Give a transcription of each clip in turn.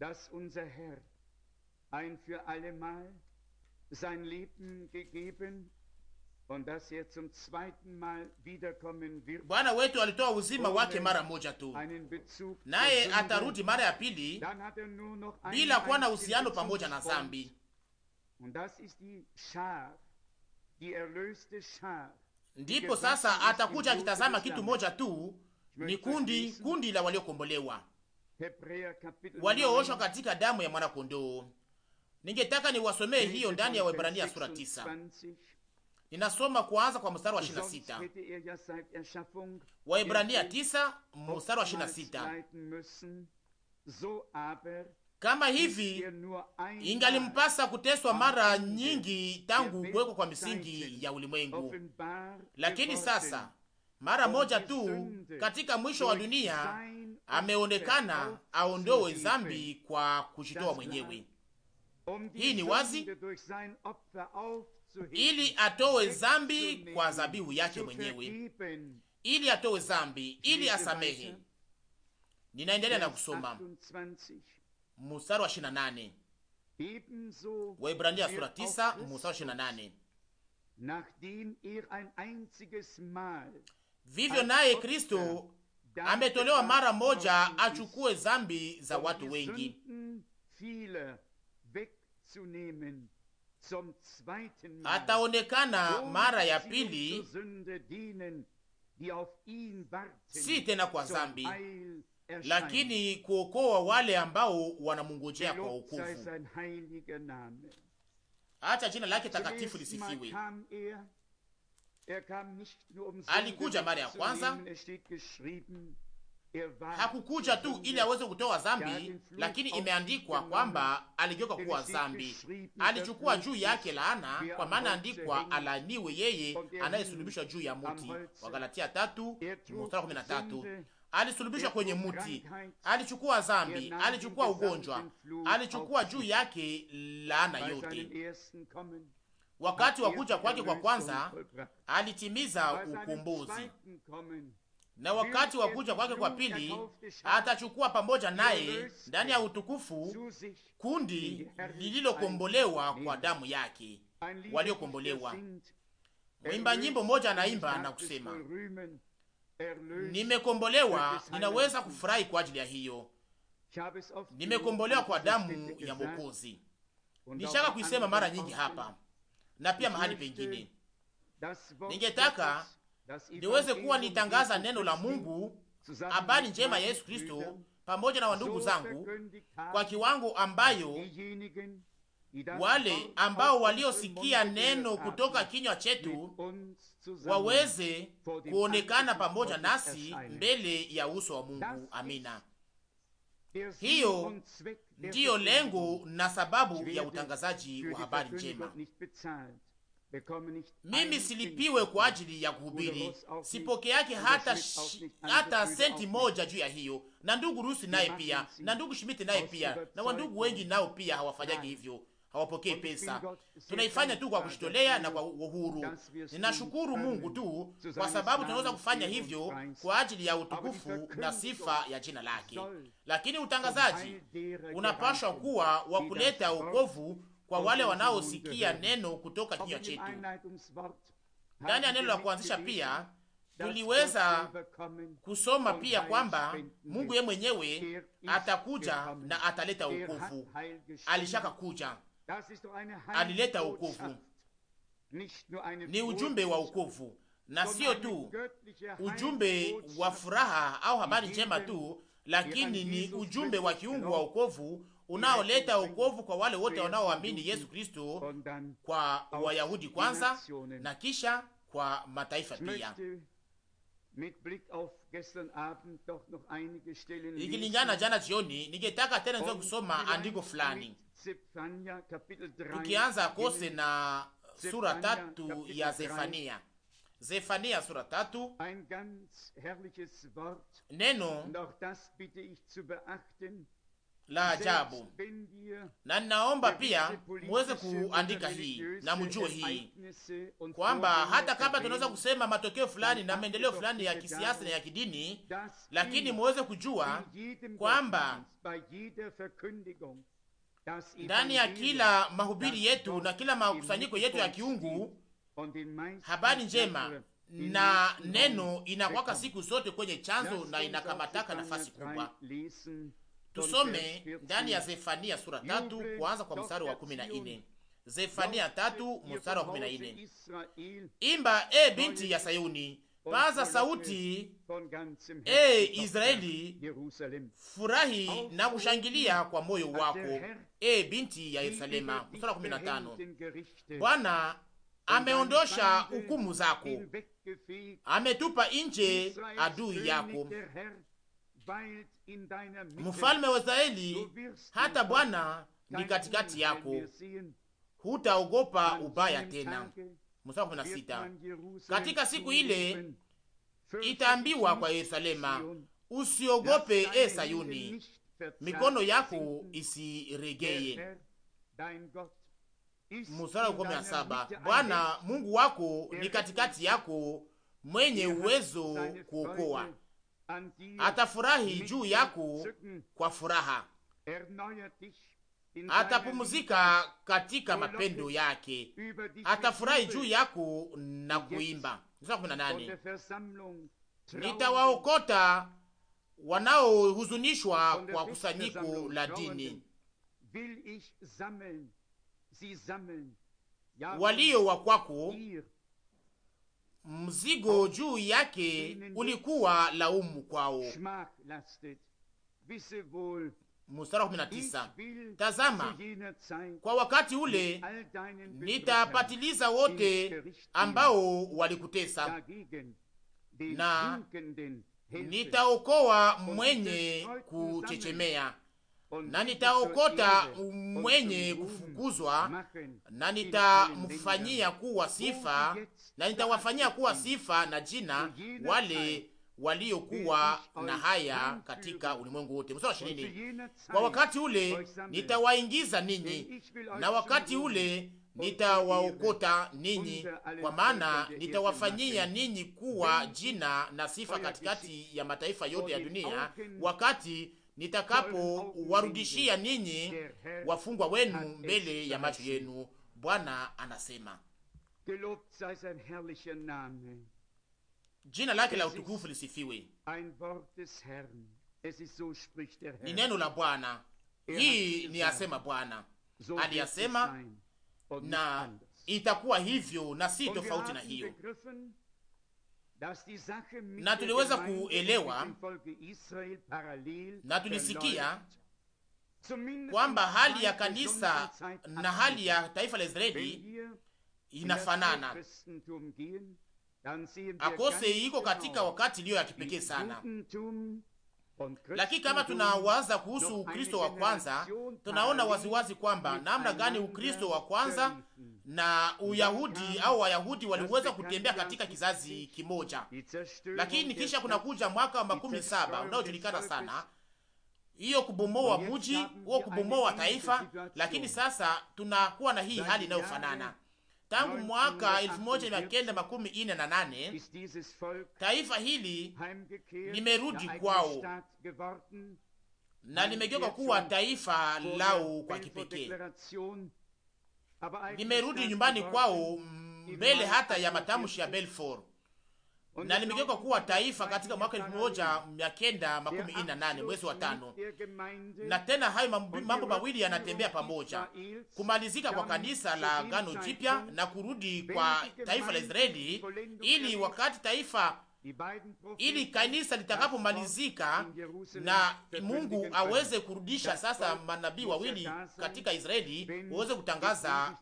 dass unser Herr ein für allemal sein Leben gegeben und dass er zum zweiten Mal wiederkommen wird. Bwana wetu alitoa uzima wake mara moja tu, naye atarudi mara ya pili er bila kuwa na uhusiano pamoja na zambi. Und das ist die die Schar, Schar, erlöste Ndipo sasa atakuja akitazama kitu moja tu, ni kundi kundi la waliokombolewa waliooshwa katika damu ya mwanakondoo. Ningetaka niwasomee hiyo ndani ya Waebrania sura tisa. Ninasoma kuanza kwa mstari wa 26. Uh, Waebrania 9 mstari wa 26. Kama hivi ingalimpasa kuteswa mara nyingi tangu kuwekwa kwa misingi ya ulimwengu, lakini sasa mara moja tu katika mwisho wa dunia ameonekana aondoe dhambi kwa kujitoa mwenyewe. Hii ni wazi, ili atoe zambi kwa zabihu yake mwenyewe, ili atoe zambi ili asamehe. Ninaendelea na kusoma mstari wa 28 Waebrania sura 9 mstari wa 28. Vivyo naye Kristo ametolewa mara moja achukue zambi za watu wengi, ataonekana mara ya pili, si tena kwa zambi, lakini kuokoa wale ambao wanamungojea kwa wokovu. Acha jina lake takatifu lisifiwe. Er um Alikuja mara ya kwanza, er hakukuja tu ili aweze kutoa zambi lakini imeandikwa kwamba aligeuka kuwa zambi alichukua er juu yake laana, kwa maana andikwa, alaniwe yeye anayesulubishwa juu ya muti, Wagalatia tatu kumi na tatu. Alisulubishwa kwenye muti, alichukua zambi alichukua ugonjwa, alichukua juu yake laana yote Wakati wa kuja kwake kwa kwanza alitimiza ukombozi, na wakati wa kuja kwake kwa pili atachukua pamoja naye ndani ya utukufu kundi lililokombolewa kwa damu yake, waliokombolewa. Mwimba nyimbo moja anaimba na kusema, nimekombolewa, ninaweza kufurahi kwa ajili ya hiyo, nimekombolewa kwa damu ya Mwokozi. Nishaka kuisema mara nyingi hapa na pia mahali pengine. Ningetaka niweze kuwa nitangaza neno la Mungu, habari njema ya Yesu Kristo pamoja na wandugu zangu kwa kiwango ambayo wale ambao waliosikia neno kutoka kinywa chetu waweze kuonekana pamoja nasi mbele ya uso wa Mungu. Amina. Hiyo ndiyo lengo na sababu ya utangazaji wa habari njema. Mimi silipiwe kwa ajili ya kuhubiri, sipoke yake hata, hata senti moja juu ya hiyo. Na ndugu Rusi naye pia na ndugu Shimiti naye pia na wandugu wengi nao pia hawafanyagi hivyo, hawapokee pesa, tunaifanya tu kwa kujitolea na kwa uhuru. Ninashukuru Mungu tu kwa sababu tunaweza kufanya hivyo kwa ajili ya utukufu na sifa ya jina lake. Lakini utangazaji unapashwa kuwa wa kuleta ukovu kwa wale wanaosikia neno kutoka kinywa chetu. Ndani ya neno la kuanzisha pia tuliweza kusoma pia kwamba Mungu yeye mwenyewe atakuja na ataleta ukovu, Alishaka kuja alileta ukovu ni ujumbe wa ukovu na sio tu ujumbe wa furaha au habari njema tu, lakini ni ujumbe wa kiungu wa ukovu unaoleta ukovu kwa wale wote wanaoamini Yesu Kristo, kwa Wayahudi kwanza na kisha kwa mataifa pia ikilingana jana jioni, ningetaka tena niweze kusoma andiko fulani, tukianza kose na sura tatu ya Zefania. Zefania sura tatu. Neno la ajabu. Na ninaomba pia muweze kuandika hii na mjue hii uh, kwamba hata kama tunaweza kusema matokeo fulani na maendeleo fulani ya kisiasa na ya kidini, lakini muweze kujua kwamba ndani ya kila mahubiri yetu na kila makusanyiko yetu ya kiungu habari njema na neno inakwaka siku zote kwenye chanzo na inakamataka nafasi kubwa. Tusome ndani ya Zefania sura tatu kuanza kwa mstari wa kumi na nne. Ee ee Zefania tatu ee mstari wa kumi na nne. Imba e binti ya Sayuni, paza sauti e Israeli, furahi na kushangilia kwa moyo wako e binti ya Yerusalema. Mstari wa kumi na tano. Bwana ameondosha hukumu zako, ametupa nje adui yako mfalme wa Israeli, hata Bwana ni katikati yako, hutaogopa ubaya tena. Mstari sita, katika siku ile itaambiwa kwa Yerusalema, usiogope e Sayuni, mikono yako isiregeye. Mstari wa kumi na saba, Bwana Mungu wako ni katikati yako, mwenye uwezo kuokoa atafurahi juu yako kwa furaha, atapumzika katika mapendo yake, atafurahi juu yako na kuimba. Nitawaokota wanaohuzunishwa kwa kusanyiko la dini, walio wakwako mzigo juu yake ulikuwa laumu kwao. Mstari tazama, kwa wakati ule nitapatiliza wote ambao walikutesa na nitaokoa mwenye kuchechemea na nitaokota mwenye kufukuzwa, na nitamfanyia kuwa sifa, na nitawafanyia kuwa sifa na jina wale waliokuwa na haya katika ulimwengu wote. Mstari ishirini: kwa wakati ule nitawaingiza ninyi, na wakati ule nitawaokota ninyi, kwa maana nitawafanyia ninyi kuwa jina na sifa katikati ya mataifa yote ya dunia, wakati nitakapowarudishia ninyi wafungwa wenu mbele ya macho yenu, Bwana anasema. Jina lake la utukufu lisifiwe. Ni neno la Bwana, hii ni asema Bwana, aliyasema na itakuwa hivyo na si tofauti na hiyo na tuliweza kuelewa na tulisikia kwamba hali ya kanisa na hali ya taifa la Israeli inafanana akose iko katika wakati iliyo ya kipekee sana lakini kama tunawaza kuhusu Ukristo wa kwanza, tunaona waziwazi kwamba namna gani Ukristo wa kwanza na Uyahudi au Wayahudi waliweza kutembea katika kizazi kimoja. Lakini kisha kuna kuja mwaka wa makumi saba unaojulikana sana, hiyo kubomoa mji huo, kubomoa taifa. Lakini sasa tunakuwa na hii hali inayofanana tangu mwaka elfu moja mia kenda makumi ine na nane taifa hili limerudi kwao na limegeuka kuwa taifa lao kwa kipekee, limerudi nyumbani kwao mbele hata ya matamshi ya Belfort na nimegeuka kuwa taifa katika mwaka elfu moja mia kenda makumi ine na nane mwezi wa tano. Na tena hayo mambo mawili yanatembea pamoja: kumalizika kwa kanisa la gano jipya na kurudi kwa taifa la Israeli, ili wakati taifa ili kanisa litakapomalizika na Mungu aweze kurudisha sasa manabii wawili katika Israeli waweze kutangaza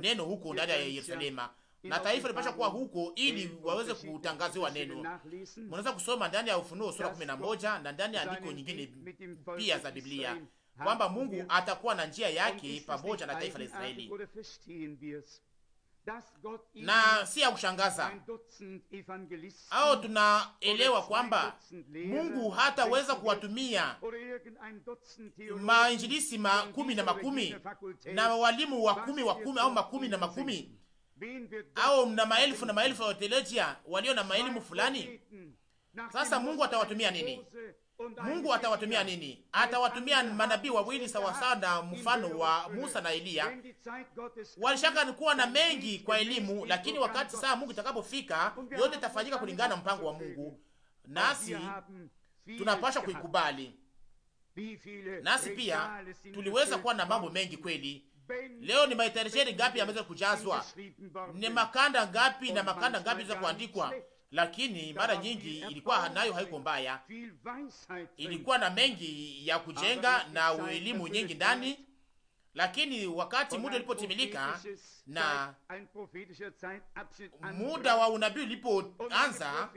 neno huko ndani ya Yerusalema na taifa lipasha kuwa huko ili waweze kutangaziwa neno. Mnaweza kusoma ndani ya Ufunuo sura 11 na ndani ya andiko nyingine pia za Biblia kwamba Mungu atakuwa na njia yake pamoja na taifa la Israeli, na si ya kushangaza au tunaelewa kwamba Mungu hataweza kuwatumia mainjilisi makumi na makumi na walimu wa kumi wa kumi au makumi na makumi au mna maelfu na maelfu ya theolojia walio na maelimu fulani. Sasa Mungu atawatumia nini? Eh, Mungu atawatumia nini? Atawatumia manabii wawili sawasawa na mfano wa Musa na Eliya. Walishaka kuwa na mengi kwa elimu, lakini wakati saa Mungu itakapofika, yote itafanyika kulingana na mpango wa Mungu, nasi tunapaswa kuikubali. Nasi pia tuliweza kuwa na mambo mengi kweli Leo ni maiteresheni ngapi yameweza kujazwa, ni makanda ngapi na makanda ngapi za kuandikwa, lakini mara nyingi ilikuwa nayo haiko mbaya, ilikuwa na mengi ya kujenga na elimu nyingi ndani, lakini wakati muda ulipotimilika na muda wa unabii ulipoanza,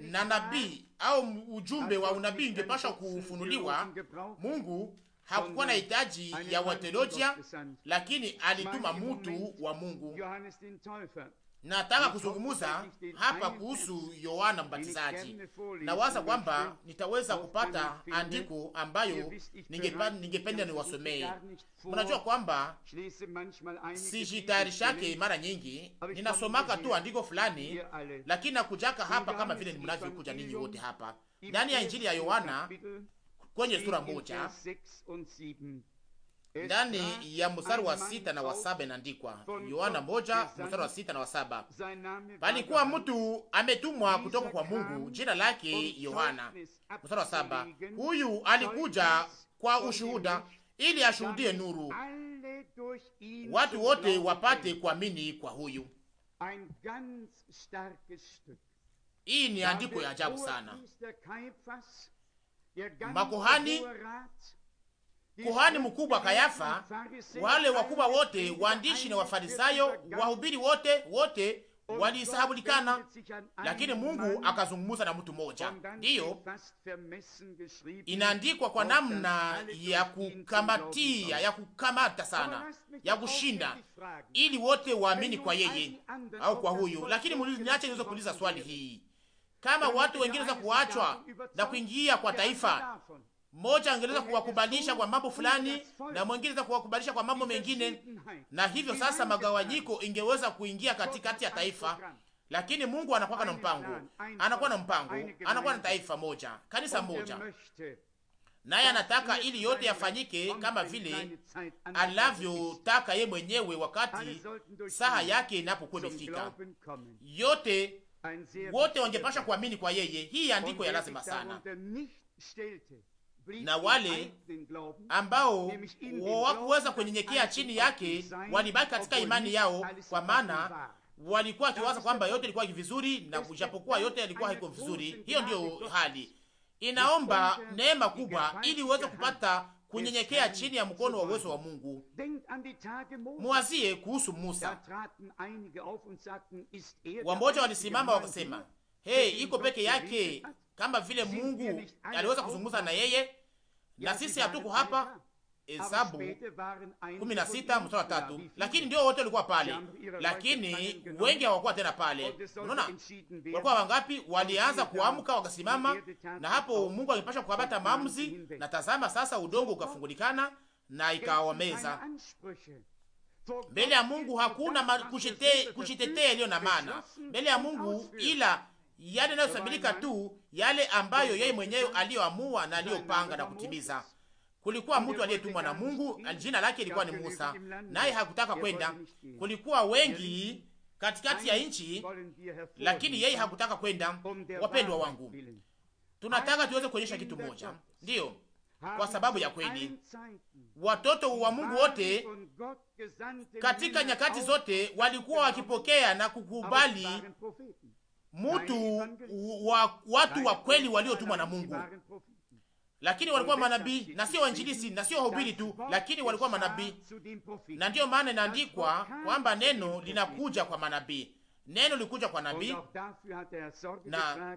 na nabii au ujumbe wa unabii ingepasha kufunuliwa, Mungu hakukuwa na hitaji ya watelojia, lakini alituma mtu wa Mungu. Nataka kuzungumuza hapa kuhusu Yohana Mbatizaji. Nawaza kwamba nitaweza kupata andiko ambayo ningependa niwasomee. Mnajua kwamba sijitayarishake mara nyingi, ninasomaka tu andiko fulani, lakini nakujaka hapa kama vile mnavyokuja ninyi wote hapa ndani ya Injili ya Yohana kwenye sura moja ndani ya mstari wa sita na wa saba inaandikwa, Yohana moja mstari wa sita na wa saba palikuwa mtu ametumwa kutoka kwa Mungu, jina lake Yohana. Mstari wa saba huyu alikuja kwa ushuhuda, ili ashuhudie nuru, watu wote wapate kuamini kwa huyu. Hii ni andiko ya ajabu sana makuhani, kuhani mkubwa Kayafa, wale wakubwa wote, waandishi na Wafarisayo, wahubiri wote wote walisahabulikana, lakini Mungu akazungumza na mtu mmoja. Ndiyo inaandikwa kwa namna ya kukamatia, ya kukamata sana, ya kushinda, ili wote waamini kwa yeye au kwa huyu. Lakini niache niweze kuuliza swali hii kama watu wengine za kuachwa na kuingia kwa taifa mmoja angeweza kuwakubalisha kwa mambo fulani na mwingine za kuwakubalisha kwa mambo mengine, na hivyo sasa magawanyiko ingeweza kuingia katikati ya taifa. Lakini Mungu anakuwa na mpango, anakuwa na mpango, anakuwa na taifa moja, kanisa moja, naye anataka ili yote yafanyike kama vile anavyotaka ye mwenyewe, wakati saha yake inapokuwa imefika yote wote wangepasha kuamini kwa yeye. Hii andiko ya lazima sana, na wale ambao wakuweza kunyenyekea chini yake walibaki katika imani yao, kwa maana walikuwa wakiwaza kwamba yote ilikuwa vizuri, na kujapokuwa yote yalikuwa haiko vizuri. Hiyo ndiyo hali inaomba neema kubwa ili uweze kupata kunyenyekea chini ya mkono wa uwezo wa Mungu. Muwazie kuhusu Musa. Er Wamboja walisimama wakasema, hey, iko peke yake, kama vile Mungu er aliweza kuzungumza na yeye, na sisi hatuko hapa Hesabu 16 mstari wa tatu. Lakini ndio wote walikuwa pale, lakini wengi hawakuwa tena pale. Unaona, walikuwa wangapi? Walianza kuamka wakasimama, na hapo Mungu alipasha kukamata maamuzi, na tazama sasa udongo ukafungulikana na ikawameza mbele ya Mungu. Hakuna kushitetea iliyo na maana mbele ya Mungu, ila yale yanayosabilika tu, yale ambayo yeye mwenyewe aliyoamua na aliyopanga na kutimiza Kulikuwa mtu aliyetumwa na Mungu, jina lake ilikuwa ni Musa, naye hakutaka kwenda. Kulikuwa wengi katikati ya nchi, lakini yeye hakutaka kwenda. Wapendwa wangu, tunataka tuweze kuonyesha kitu moja, ndiyo kwa sababu ya kweli, watoto wa Mungu wote katika nyakati zote walikuwa wakipokea na kukubali mtu wa watu wa kweli waliotumwa na Mungu, lakini walikuwa manabii na sio wainjilisi na sio wahubiri tu, lakini walikuwa manabii. Na ndiyo maana inaandikwa kwamba neno linakuja kwa manabii, neno likuja kwa nabii na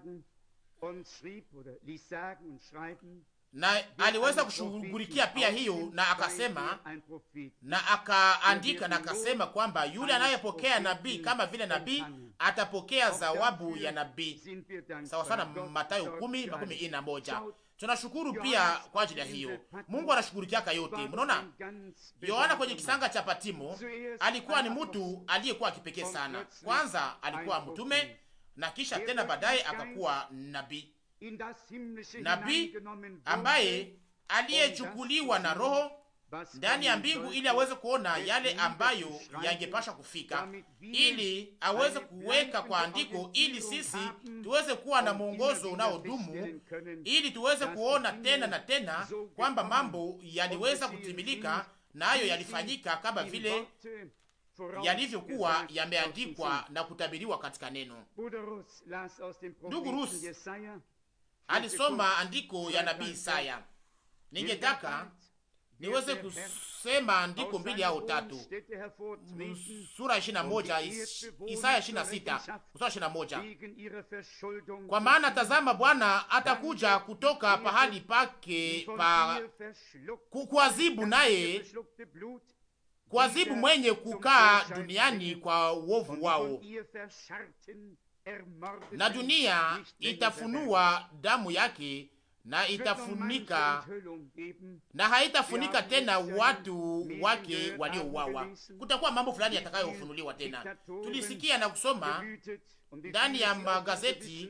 na aliweza kushughulikia pia hiyo, na akasema na akaandika na akasema kwamba yule anayepokea nabii kama vile nabii atapokea zawabu ya nabii, sawasawa na Mathayo kumi makumi ine na moja. Tunashukuru pia kwa ajili ya hiyo. Mungu anashughulikiaka yote. Mnaona, Yohana kwenye kisanga cha Patimo alikuwa ni mtu aliyekuwa kipekee sana. Kwanza alikuwa mtume na kisha tena baadaye akakuwa nabii, nabii ambaye aliyechukuliwa na Roho ndani ya mbingu, ili aweze kuona yale ambayo yangepasha kufika, ili aweze kuweka kwa andiko, ili sisi tuweze kuwa na mwongozo unaodumu, ili tuweze kuona tena na tena kwamba mambo yaliweza kutimilika nayo na yalifanyika kama vile yalivyokuwa yameandikwa na kutabiriwa katika neno. Ndugu Rus alisoma andiko ya nabii Isaya. Ningetaka niweze kusema ndiko mbili au tatu, mm, sura ishirini na moja Isaya ishirini na sita sura ishirini na moja Kwa maana tazama, Bwana atakuja kutoka pahali pake pa kuadhibu, naye kuazibu mwenye kukaa duniani kwa uovu wao, na dunia itafunua damu yake na itafunika na haitafunika tena äh, watu wake waliouawa. Kutakuwa mambo fulani yatakayofunuliwa tena. Tulisikia na kusoma ndani ya magazeti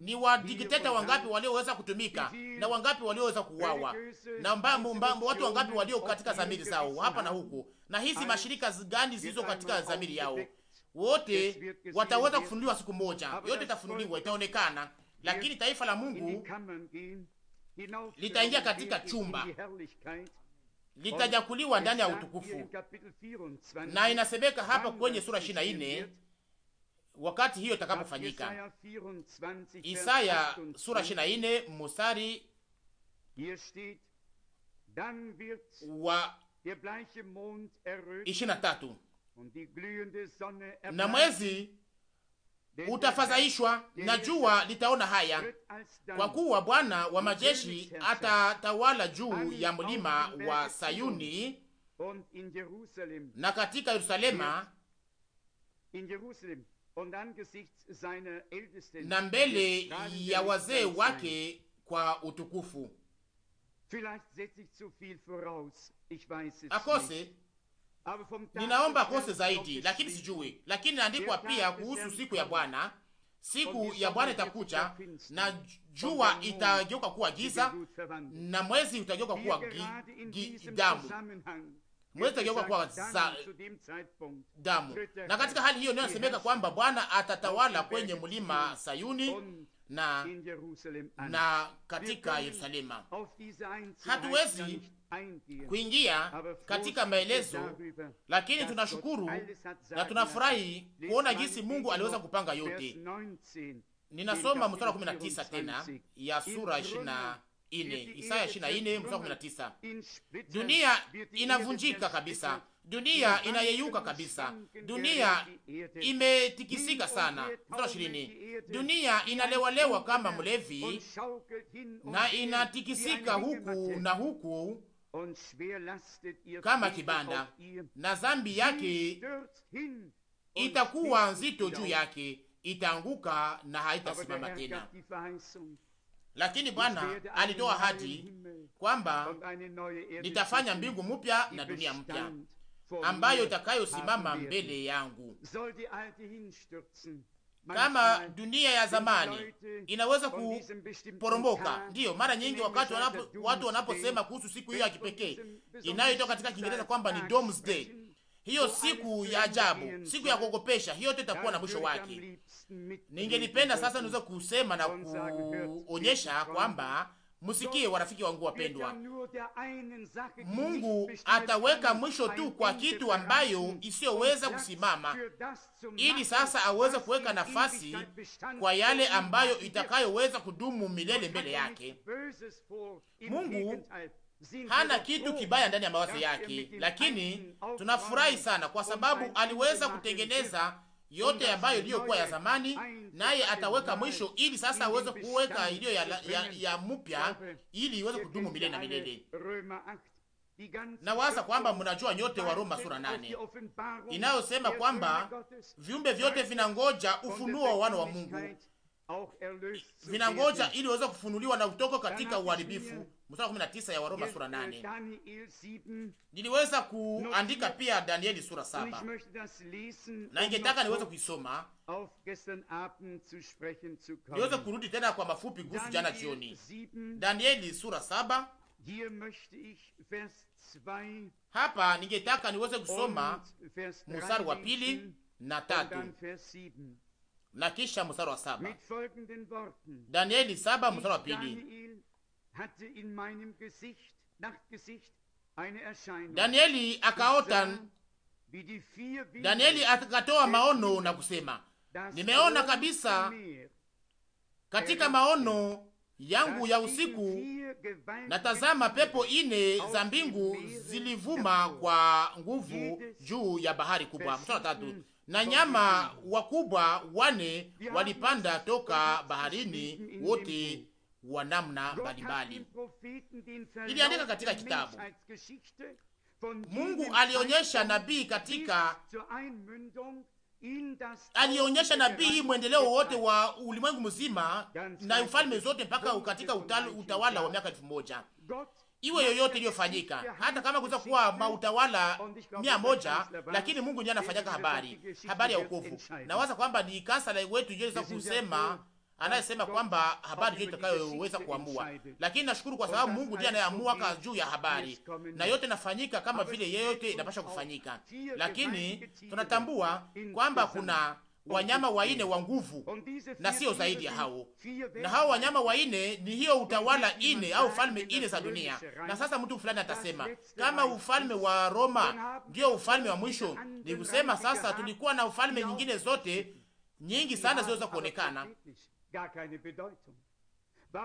ni wadikteta wangapi walioweza kutumika na wangapi walioweza kuuawa na mbambo, mbambo, watu wangapi walio katika zamiri zao hapa na huku, na hizi mashirika gani zilizo katika zamiri yao, wote wataweza kufunuliwa siku moja. Yote itafunuliwa, itaonekana lakini taifa la Mungu litaingia katika chumba, litajakuliwa ndani ya utukufu. Na inasemeka hapa kwenye sura 24 wakati hiyo itakapofanyika. Isaya sura 24 mosari wa 23 na mwezi utafadhaishwa na jua litaona haya, kwa kuwa Bwana wa majeshi atatawala juu ya mlima wa Sayuni na katika Yerusalema na mbele ya wazee wake kwa utukufu akose Ninaomba kose zaidi, lakini sijui, lakini naandikwa pia kuhusu siku ya Bwana. Siku ya Bwana itakuja na jua itageuka kuwa giza na mwezi utageuka kuwa damu, mwezi utageuka kuwa damu. Na katika hali hiyo ndio nasemeka kwamba Bwana atatawala kwenye mlima Sayuni na, na katika Yerusalema. Hatuwezi kuingia katika maelezo, lakini tunashukuru na tunafurahi kuona jinsi Mungu aliweza kupanga yote. Ninasoma mstari wa 19 tena ya sura 24, Isaya 24 mstari wa 19. Dunia inavunjika kabisa, dunia inayeyuka kabisa, dunia imetikisika sana. Mstari wa 20, dunia inalewalewa kama mlevi na inatikisika huku na huku kama kibanda, na zambi yake itakuwa nzito juu yake, itaanguka na haitasimama tena. Lakini Bwana alitoa ahadi kwamba nitafanya mbingu mpya na dunia mpya ambayo itakayosimama mbele yangu kama dunia ya zamani inaweza kuporomoka. Ndiyo mara nyingi wakati wanapo, watu wanaposema kuhusu siku hiyo ya kipekee inayoitwa katika Kiingereza kwamba ni Domesday, hiyo siku ya ajabu, siku ya kuogopesha, hiyo yote itakuwa na mwisho wake. Ningelipenda sasa niweze kusema na kuonyesha kwamba Musikie warafiki wangu wapendwa, Mungu ataweka mwisho tu kwa kitu ambayo isiyoweza kusimama, ili sasa aweze kuweka nafasi kwa yale ambayo itakayoweza kudumu milele mbele yake. Mungu hana kitu kibaya ndani ya mawazo yake, lakini tunafurahi sana kwa sababu aliweza kutengeneza yote ambayo iliyokuwa ya zamani, naye ataweka mwisho, ili sasa aweze kuweka iliyo ya, ya, ya mpya, ili iweze kudumu milele na milele. Na kwamba mnajua nyote wa Roma sura nane inayosema kwamba viumbe vyote vinangoja ufunuo wa wana wa Mungu vinangoja ili waweze kufunuliwa na kutoka katika uharibifu. Mstari wa 19 ya Waroma sura 8. Niliweza kuandika pia Danieli sura 7, na um ingetaka niweze kuisoma niweze kurudi tena kwa mafupi kuhusu jana jioni. Danieli sura 7 hapa ningetaka niweze kusoma mstari wa pili na tatu na kisha mstari wa saba. Danieli saba mstari wa pili. Danieli akaota, Danieli akatoa maono na kusema, nimeona kabisa katika maono yangu ya usiku, natazama pepo ine za mbingu zilivuma kwa nguvu juu ya bahari kubwa. Mstari wa tatu na nyama wakubwa wane walipanda toka baharini, wote wa namna mbalimbali. Iliandika katika kitabu. Mungu alionyesha nabii katika alionyesha nabii mwendeleo wote wa ulimwengu mzima na ufalme zote mpaka katika utawala wa miaka elfu moja iwe yoyote iliyofanyika, hata kama kuweza kuwa mautawala mia moja, lakini Mungu ndiye anafanyaga habari habari ya wokovu. Nawaza kwamba ni kansala wetu iweza kusema anayesema kwamba habari hiyo itakayoweza kuamua, lakini nashukuru kwa sababu Mungu ndiye anayeamua juu ya habari, na yote inafanyika kama vile yeyote inapasha kufanyika, lakini tunatambua kwamba kuna wanyama waine wa nguvu na sio zaidi ya hao, na hao wanyama waine ni hiyo utawala ine au falme ine za dunia. Na sasa mtu fulani atasema kama ufalme wa Roma ndio ufalme wa mwisho, ni kusema sasa tulikuwa na ufalme nyingine zote nyingi sana zilizoweza kuonekana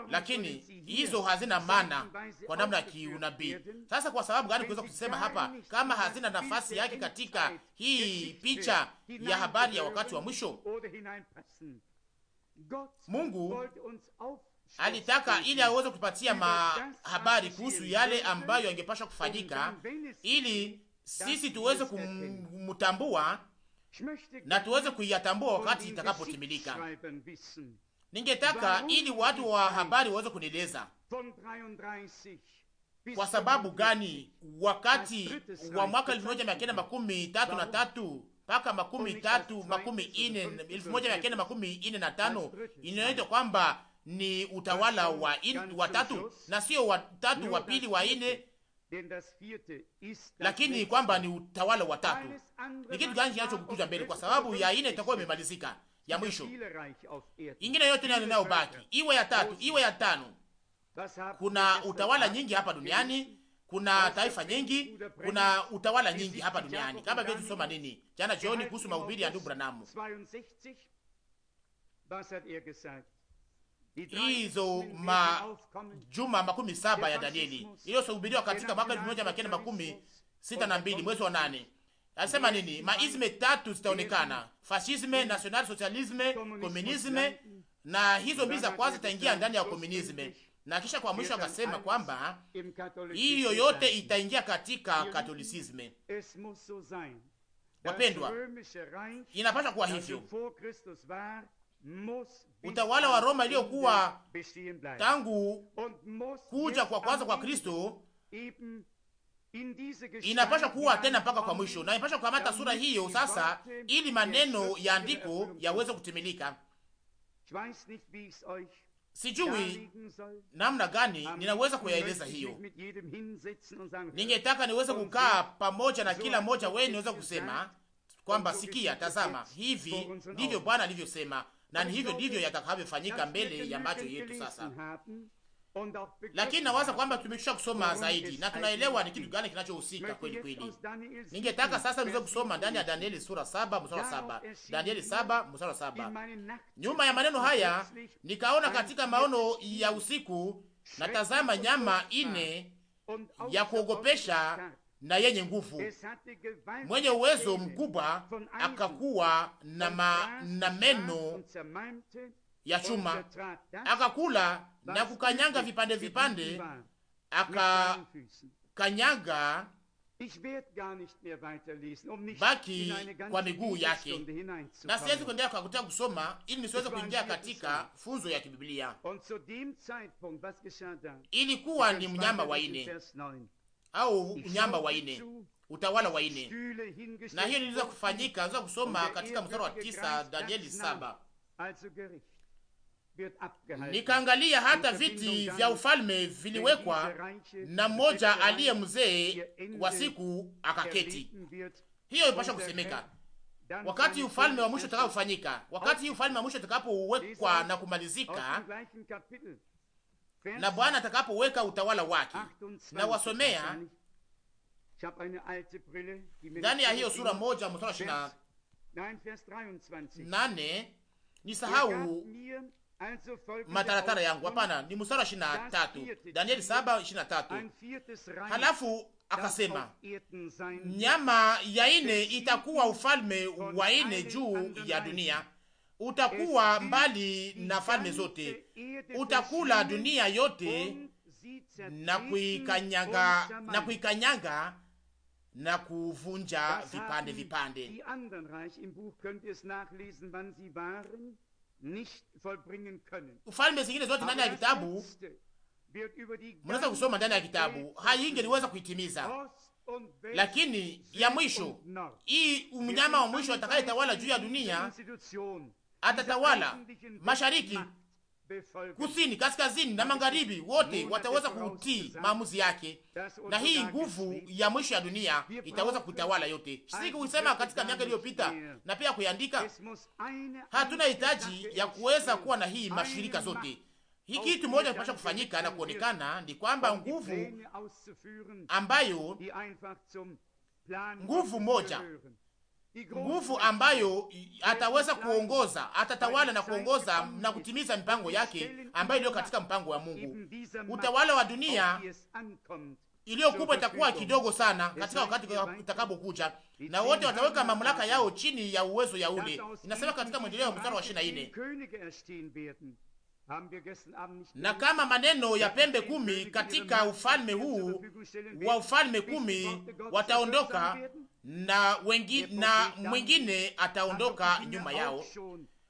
lakini hizo hazina maana kwa namna ya kiunabii. Sasa kwa sababu gani kuweza kusema hapa kama hazina nafasi yake katika hii picha ya habari ya wakati wa mwisho? Mungu alitaka ili aweze kupatia mahabari kuhusu yale ambayo angepasha kufanyika ili sisi tuweze kumtambua na tuweze kuyatambua wakati itakapotimilika. Ningetaka ili watu wa habari waweze kunieleza kwa sababu gani wakati wa mwaka elfu moja mia kenda makumi tatu na tatu mpaka makumi tatu makumi ine elfu moja mia kenda makumi ine na tano inaitwa kwamba ni utawala wa in, wa tatu na sio wa tatu wa pili wa ine, lakini kwamba ni utawala wa tatu. Ni kitu gani kinachokuja mbele? Kwa sababu ya ine itakuwa imemalizika ya mwisho, ingine yote inayobaki, iwe ya tatu, iwe ya tano. Kuna utawala nyingi hapa duniani, kuna taifa nyingi, kuna utawala nyingi hapa duniani, kama vile tusoma nini jana jioni kuhusu mahubiri ya ndugu Branham hizo majuma makumi saba ya Danieli iliyohubiriwa katika mwaka elfu moja mia kenda makumi sita na mbili mwezi wa nane asema nini? Maizme tatu zitaonekana: fashisme, national socialisme, komunisme, na hizo mbili za kwanza zitaingia ndani ya komunisme, na kisha kwa mwisho akasema kwamba hiyo yote itaingia katika katolisisme. Wapendwa, inapaswa kuwa hivyo. Utawala wa Roma iliyokuwa tangu kuja kwa kwanza kwa Kristo inapasha kuwa tena mpaka kwa mwisho, na inapasha kukamata sura hiyo sasa, ili maneno ya andiko yaweze kutimilika. Sijui namna gani ninaweza kuyaeleza hiyo. Ningetaka niweze kukaa pamoja na kila mmoja wenu niweze kusema kwamba sikia, tazama, hivi ndivyo Bwana alivyosema na ni hivyo ndivyo yatakavyofanyika mbele ya macho yetu sasa lakini nawaza kwamba tumekisha kusoma zaidi na tunaelewa ni kitu gani kinachohusika kweli kweli. Ningetaka sasa niweze kusoma ndani ya Danieli sura saba mstari saba Danieli saba mstari saba Nyuma ya maneno haya nikaona katika maono ya usiku, natazama nyama ine ya kuogopesha na yenye nguvu, mwenye uwezo mkubwa, akakuwa na, ma, na meno ya chuma, akakula na kukanyanga vipande vipande, akakanyaga um baki kwa miguu yake. Na siwezi kuendelea kakutaka kusoma ili nisiweze kuingia katika funzo ya kibiblia. Ilikuwa ni mnyama wa ine au mnyama wa ine utawala wa ine, na hiyo iliweza kufanyika. Weza kusoma katika mstari wa tisa Danieli saba Nikaangalia hata viti vya ufalme viliwekwa, na mmoja aliye mzee wa siku akaketi. Hiyo ipasha kusemeka wakati ufalme wa mwisho utakapofanyika, wakati ufalme wa mwisho utakapowekwa na kumalizika, na Bwana atakapoweka utawala wake. Na wasomea ndani ya hiyo sura moja mstari wa ishirini na nane nisahau er mataratara yangu. Hapana, ni mstari wa ishirini na tatu, Danieli saba ishirini na tatu. Halafu akasema nyama ya ine itakuwa ufalme wa ine juu ya dunia, utakuwa mbali na falme zote, utakula dunia yote na kuikanyaga na kuikanyaga na kuvunja vipande vipande falme zingine zote ndani ya kitabu mnaweza kusoma ndani ya kitabu, haingeliweza kuitimiza, lakini ya mwisho hii, mnyama wa mwisho atakayetawala juu ya dunia atatawala mashariki kusini, kaskazini na magharibi, wote wataweza kutii maamuzi yake, na hii nguvu ya mwisho ya dunia itaweza kutawala yote. Sisi kusema katika miaka iliyopita na pia kuiandika, hatuna hitaji ya kuweza kuwa na hii mashirika zote. Hii kitu moja kinapasha kufanyika na kuonekana ni kwamba nguvu ambayo nguvu moja nguvu ambayo ataweza kuongoza, atatawala na kuongoza na kutimiza mipango yake ambayo iliyo katika mpango wa Mungu. Utawala wa dunia iliyo kubwa itakuwa kidogo sana katika wakati utakapokuja, na wote wataweka mamlaka yao chini ya uwezo ya ule. Inasema katika mwendeleo wa mstari wa 24 na na kama maneno ya pembe kumi katika ufalme huu wa ufalme kumi wataondoka na wengi, na mwingine ataondoka nyuma yao.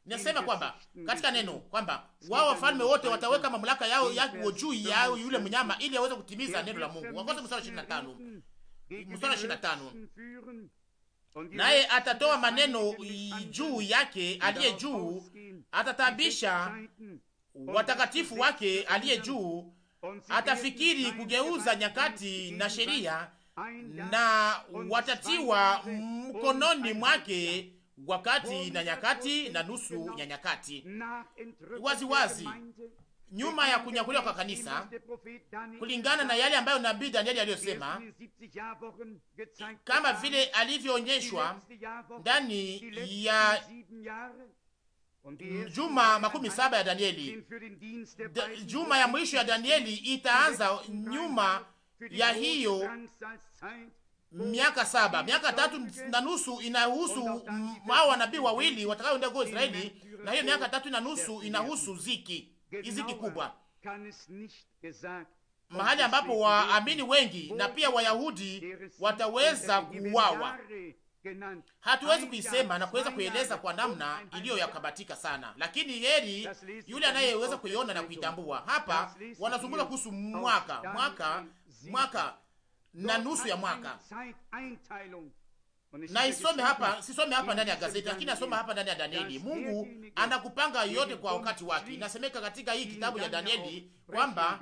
Nasema kwamba katika neno kwamba wao wafalme wote wataweka mamlaka yao yao juu yao yule mnyama, ili aweze kutimiza neno la Mungu. Wakosa mstari ishirini na tano mstari ishirini na tano naye atatoa maneno juu yake aliye juu, atatabisha watakatifu wake aliye juu, atafikiri kugeuza nyakati na sheria na watatiwa mkononi mwake wakati na nyakati na nusu ya nyakati, wazi wazi nyuma ya kunyakuliwa kwa kanisa, kulingana na yale ambayo nabii Danieli aliyosema, kama vile alivyoonyeshwa ndani ya juma makumi saba ya Danieli. Juma ya mwisho ya Danieli itaanza nyuma ya hiyo miaka saba, miaka tatu na nusu inahusu hao wanabii wawili watakaoenda kwa Israeli, na hiyo miaka tatu na nusu inahusu ziki iziki kubwa, mahali ambapo waamini wengi na pia Wayahudi wataweza kuuawa. Hatuwezi kuisema na kuweza kueleza kwa namna iliyo yakabatika sana, lakini heri yule anayeweza kuiona na kuitambua. Hapa wanazungumza kuhusu mwaka mwaka mwaka na nusu ya mwaka. Na isome hapa, sisome hapa ndani ya gazeti, lakini nasoma hapa ndani ya Danieli. Mungu anakupanga yote kwa wakati wake. Inasemeka katika hii kitabu ya Danieli kwamba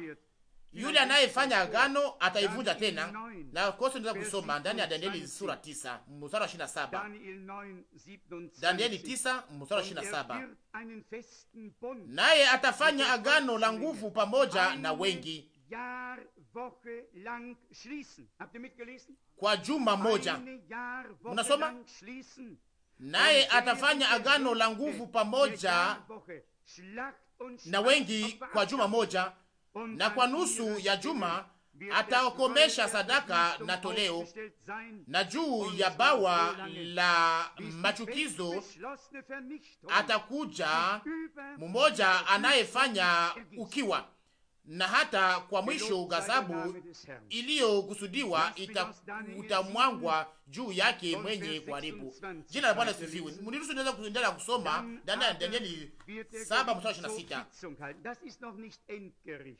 yule anayefanya agano ataivunja tena, na kosi naweza kusoma ndani ya Danieli sura 9 mstari wa 27. Danieli 9 mstari wa 27, naye atafanya agano la nguvu pamoja na wengi kwa juma moja. Mnasoma naye atafanya agano la nguvu pamoja na wengi kwa juma moja, na kwa nusu ya juma ataokomesha sadaka na toleo, na juu ya bawa la machukizo atakuja mmoja anayefanya ukiwa na hata kwa mwisho ghadhabu iliyokusudiwa utamwangwa juu yake mwenye kuharibu. Jina la Bwana sifiwe. Mniruhusu niweza kuendelea kusoma ndani ya Danieli 7:26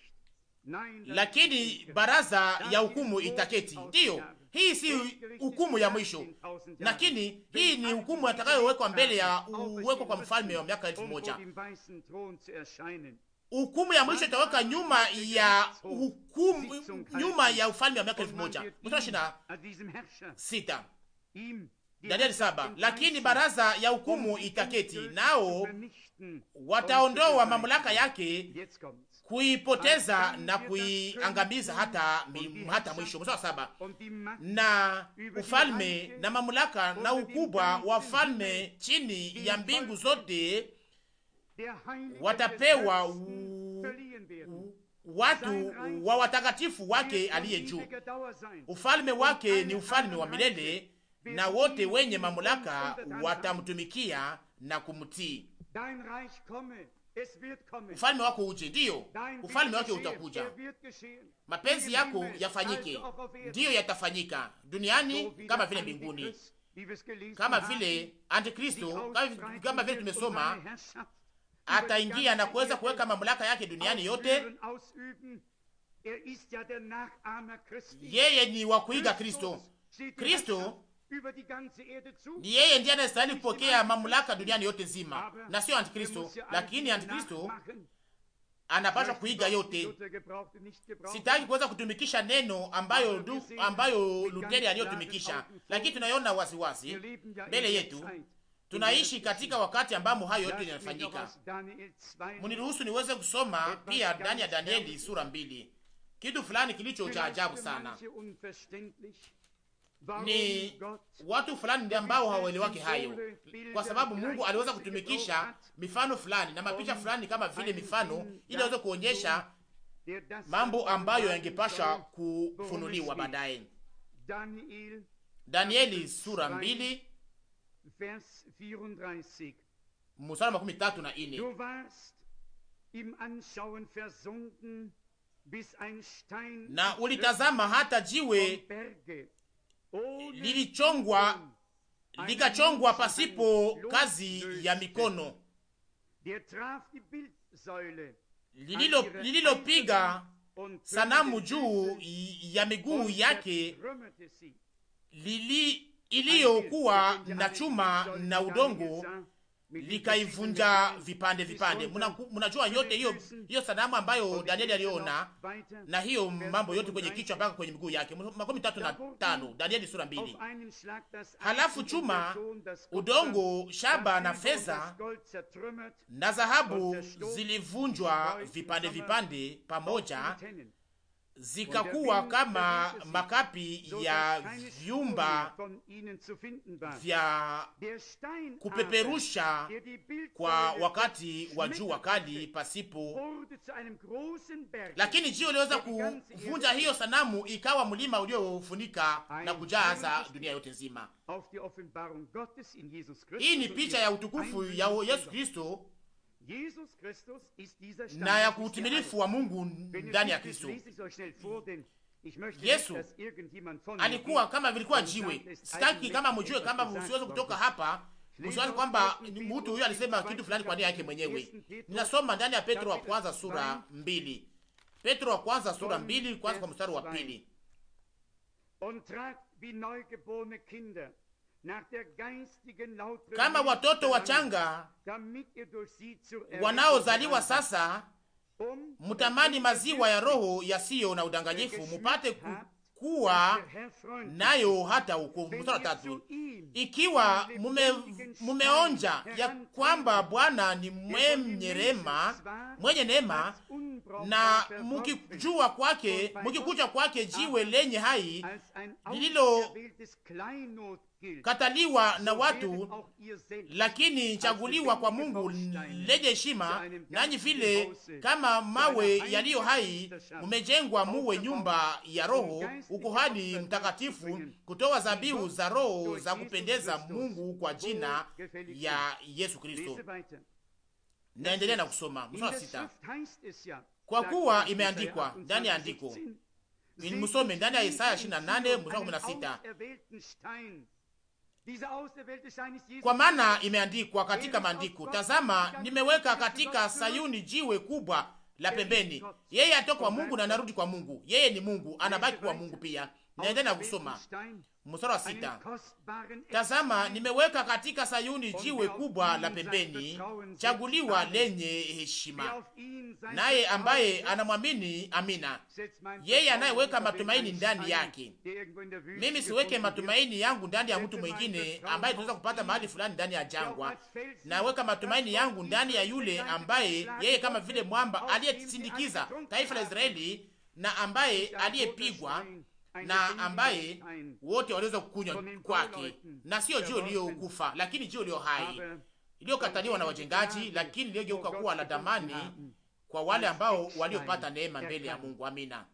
lakini baraza ya hukumu itaketi. Ndiyo, hii si hukumu ya mwisho, lakini hii ni hukumu atakayowekwa mbele ya uwekwa kwa mfalme wa miaka elfu moja hukumu ya mwisho itaweka nyuma ya hukumu, nyuma ya ufalme wa miaka elfu moja. Mstari sita Danieli saba. Lakini baraza ya hukumu itaketi, nao wataondoa mamlaka yake kuipoteza na kuiangamiza hata, hata mwisho. Mstari saba. Na ufalme na mamlaka na ukubwa wa falme chini ya mbingu zote watapewa watu wa watakatifu wake aliye juu. Ufalme wake ni ufalme wa milele, na wote wenye mamlaka watamtumikia na kumtii. Ufalme wako uje, ndiyo, ufalme wake utakuja, er mapenzi yako yafanyike, ndiyo, yatafanyika duniani kama vile mbinguni. Kama vile Antikristo, kama vile tumesoma ataingia na kuweza kuweka mamlaka yake duniani yote. Er yeye ni wa kuiga Kristo. Kristo ni yeye ndiye anayestahili kupokea mamlaka duniani yote nzima, na sio er Antikristo. Lakini Antikristo anapaswa kuiga yote. Er Sitaki kuweza kutumikisha neno ambayo du, ambayo Luteri aliyotumikisha, lakini tunaiona waziwazi mbele yetu Tunaishi katika wakati ambamo hayo yote yanafanyika. Mniruhusu niweze kusoma pia ndani ya Danieli sura mbili kitu fulani kilicho cha ajabu sana. Ni watu fulani ndio ambao hawaelewake hayo, kwa sababu Mungu aliweza kutumikisha mifano fulani na mapicha um, fulani kama vile mifano, ili aweze kuonyesha mambo ambayo yangepasha kufunuliwa baadaye. Danieli sura mbili Musala makumi tatu na ine. Du warst im Anschauen versunken bis ein Stein na ulitazama hata jiwe lilichongwa likachongwa pasipo kazi ya mikono lililopiga sanamu juu ya miguu yake lili iliyokuwa na chuma na udongo likaivunja vipande vipande. Mnajua yote hiyo hiyo sanamu ambayo Danieli aliona, na hiyo mambo yote kwenye kichwa mpaka kwenye miguu yake. makumi tatu na tano Danieli sura mbili. Halafu chuma, udongo, shaba na fedha na dhahabu zilivunjwa vipande vipande pamoja zikakuwa kama makapi ya vyumba vya kupeperusha kwa wakati wa jua kali pasipo. Lakini jio uliweza kuvunja hiyo sanamu, ikawa mlima uliofunika na kujaza dunia yote nzima. Hii ni picha ya utukufu ya Yesu Kristo na ya kutimilifu wa Mungu ndani ya Kristo. Yesu alikuwa kama vilikuwa jiwe. Sitaki kama mjue kama msiweze kutoka hapa msiwazi kwamba mtu huyo alisema kitu fulani kwa nia yake mwenyewe. Ninasoma ndani ya Petro wa kwanza sura mbili, Petro wa kwanza sura mbili, kwanza kwa mstari wa pili kama watoto wachanga wanaozaliwa sasa, mtamani um maziwa ya roho yasiyo na udanganyifu, mupate kuwa nayo hata huko. Mstari tatu, ikiwa mume, mumeonja ya kwamba Bwana ni mwenye rema, mwenye neema na mukijua kwake, mukikuja kwake jiwe lenye hai lililo kataliwa na watu, lakini chaguliwa kwa Mungu lenye heshima. Nanyi vile kama mawe yaliyo hai, mumejengwa muwe nyumba ya Roho, ukohani mtakatifu, kutoa zabihu za roho za kupendeza Mungu kwa jina ya Yesu Kristo. Naendelea na kusoma mstari sita, kwa kuwa imeandikwa ndani ya andiko, msome ndani ya Isaya 28 mstari 16 kwa maana imeandikwa katika maandiko, tazama, nimeweka katika Sayuni jiwe kubwa la pembeni. Yeye atoka kwa Mungu na anarudi kwa Mungu. Yeye ni Mungu, anabaki kwa Mungu pia. Naendelea na kusoma mstari wa sita. Tazama, nimeweka katika Sayuni jiwe kubwa la pembeni, chaguliwa lenye heshima, naye ambaye anamwamini amina, yeye anayeweka matumaini ndani yake. Mimi siweke matumaini yangu ndani ya mtu mwingine ambaye tunaweza kupata mahali fulani ndani ya jangwa. Naweka matumaini yangu ndani ya yule ambaye yeye kama vile mwamba aliyesindikiza taifa la Israeli na ambaye aliyepigwa na ambaye wote waliweza kukunywa kwake, na sio jiwe iliyokufa, lakini jiwe iliyo hai iliyokataliwa na wajengaji, lakini iliyogeuka kuwa la damani kwa wale ambao waliopata neema mbele ya Mungu. Amina.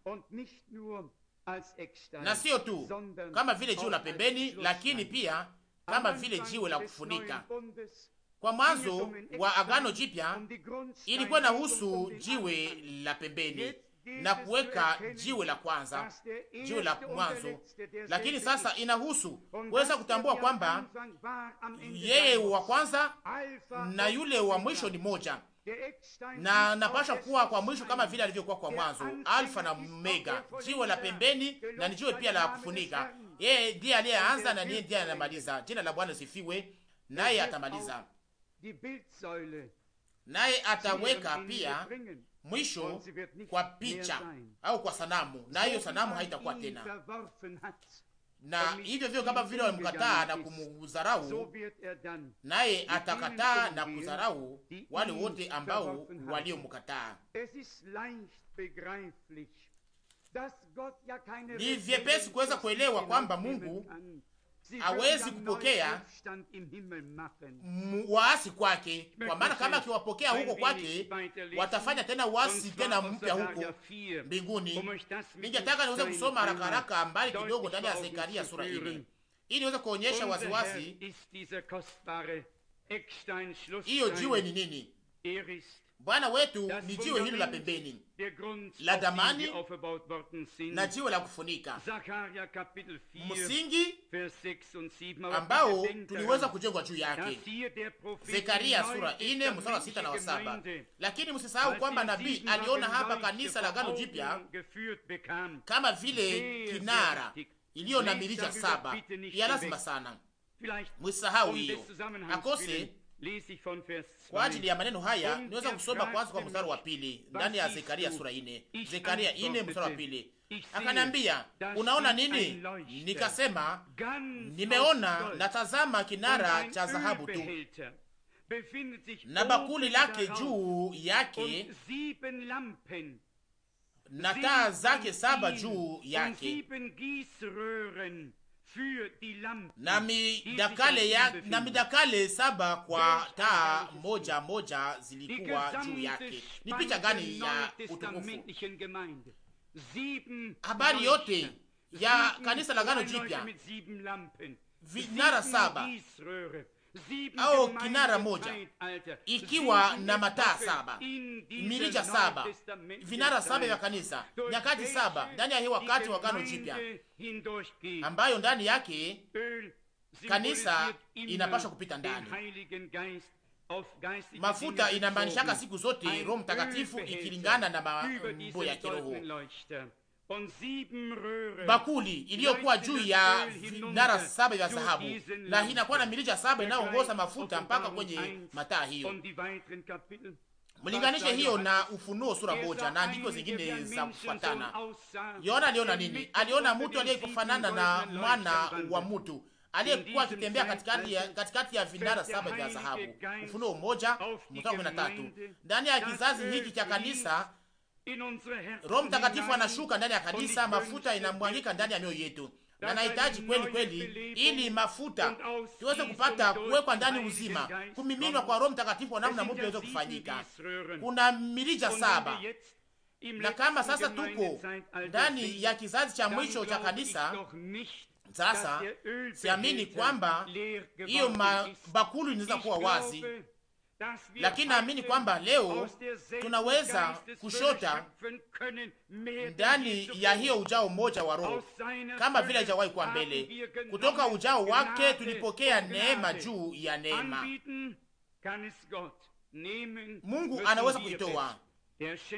Na sio tu kama vile jiwe la pembeni, lakini pia kama vile jiwe la kufunika. Kwa mwanzo wa Agano Jipya ilikuwa inahusu jiwe la pembeni na kuweka jiwe la kwanza, jiwe la mwanzo. Lakini sasa inahusu kuweza kutambua kwamba yeye wa kwanza na yule wa mwisho ni moja, na napasha kuwa kwa mwisho kama vile alivyokuwa kwa mwanzo, alfa na omega, jiwe la pembeni na ni jiwe pia la kufunika. Yeye ndiye aliyeanza na ndiye ndiye anamaliza. Jina la Bwana sifiwe, naye atamaliza, naye ataweka pia mwisho kwa picha au kwa sanamu, na hiyo sanamu haitakuwa tena. Na hivyo vyo kama vile wamkataa na kumudharau, naye atakataa na kudharau wale wote ambao waliomkataa. Ni vyepesi kuweza kuelewa kwamba Mungu hawezi kupokea waasi kwake, kwa maana kama akiwapokea huko kwake, watafanya tena waasi tena mpya huko mbinguni. Ningetaka niweze kusoma haraka haraka mbali kidogo ndani ya Zekaria sura ile, ili niweze kuonyesha waziwazi hiyo jiwe ni nini. Bwana wetu ni jiwe hilo la pembeni la damani na jiwe la kufunika msingi ambao tuliweza kujengwa juu yake, Zekaria sura ine mstari wa sita na wa saba. Lakini msisahau kwamba nabii aliona hapa kanisa la gano Jipya kama vile kinara iliyo na mirija saba ya lazima sana, msisahau um hiyo akose kwa ajili ya maneno haya niweza kusoma kwanza kwa mstari wa pili ndani ya Zekaria sura ine, Zekaria ine mstari wa pili. Akaniambia, unaona nini? Nikasema, nimeona natazama kinara cha dhahabu tu na bakuli lake juu yake na taa zake saba juu yake na midakale ya, na midakale saba kwa taa moja moja zilikuwa juu yake. Ni picha gani ya utukufu! Habari yote ya kanisa la gano Jipya, vinara saba au kinara moja ikiwa na mataa saba, mirija saba, vinara saba vya kanisa, nyakati saba ndani ya hii wakati wa gano Jipya, ambayo ndani yake kanisa inapaswa kupita ndani mafuta inamaanishaka siku zote Roho Mtakatifu ikilingana na mambo ya kiroho bakuli iliyokuwa juu ya vinara saba vya dhahabu, na inakuwa na mirija saba inayoongoza mafuta mpaka kwenye mataa hiyo. Mlinganishe hiyo na Ufunuo sura moja na andiko zingine za kufuatana. Yona aliona nini? Aliona mtu aliyekufanana na mwana wa mtu aliyekuwa akitembea katikati ya, katikati ya vinara saba vya dhahabu. Ufunuo moja mstari wa kumi na tatu. Ndani ya kizazi hiki cha kanisa Roho Mtakatifu anashuka ndani ya kanisa, mafuta inamwangika ndani ya mioyo yetu, na nahitaji kweli kweli, ili mafuta tuweze kupata kuwekwa ndani uzima, kumiminwa kwa Roho Mtakatifu kwa namna mpya iweze kufanyika. Kuna mirija saba, na kama sasa tuko ndani ya kizazi cha mwisho cha kanisa, sasa siamini kwamba hiyo mabakuli inaweza kuwa wazi lakini naamini kwamba leo tunaweza kushota ndani ya hiyo ujao mmoja wa Roho kama vile haijawahi kuwa mbele. Kutoka ujao wake tulipokea neema juu ya neema. Mungu anaweza kuitoa,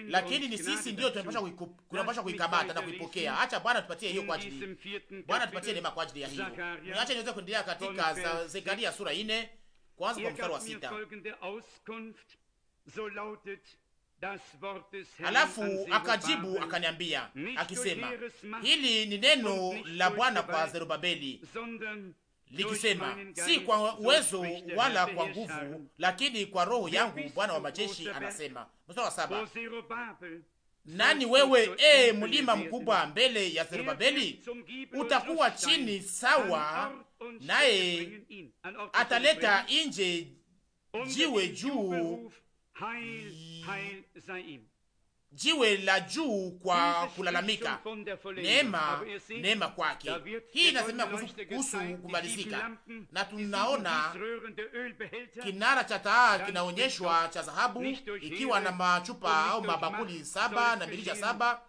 lakini ni sisi ndiyo tunapasha kuikamata na kuipokea. Acha Bwana tupatie hiyo kwa ajili, Bwana tupatie neema kwa ajili ya hiyo. Acha niweze kuendelea katika Zekaria sura ine kwanza kwa mstari wa sita. Alafu akajibu akaniambia akisema, hili ni neno la Bwana kwa Zerubabeli likisema, si kwa uwezo wala kwa nguvu, lakini kwa roho yangu, Bwana wa majeshi anasema. Mstari wa saba. Nani wewe, e mlima mkubwa, mbele ya er Zerubabeli? Utakuwa chini sawa naye ataleta nje jiwe juu jiwe la juu kwa kulalamika, neema neema kwake. Hii inasemea kuhusu kumalizika, na tunaona kinara cha taa kinaonyeshwa cha dhahabu, ikiwa na machupa au mabakuli saba na mirija saba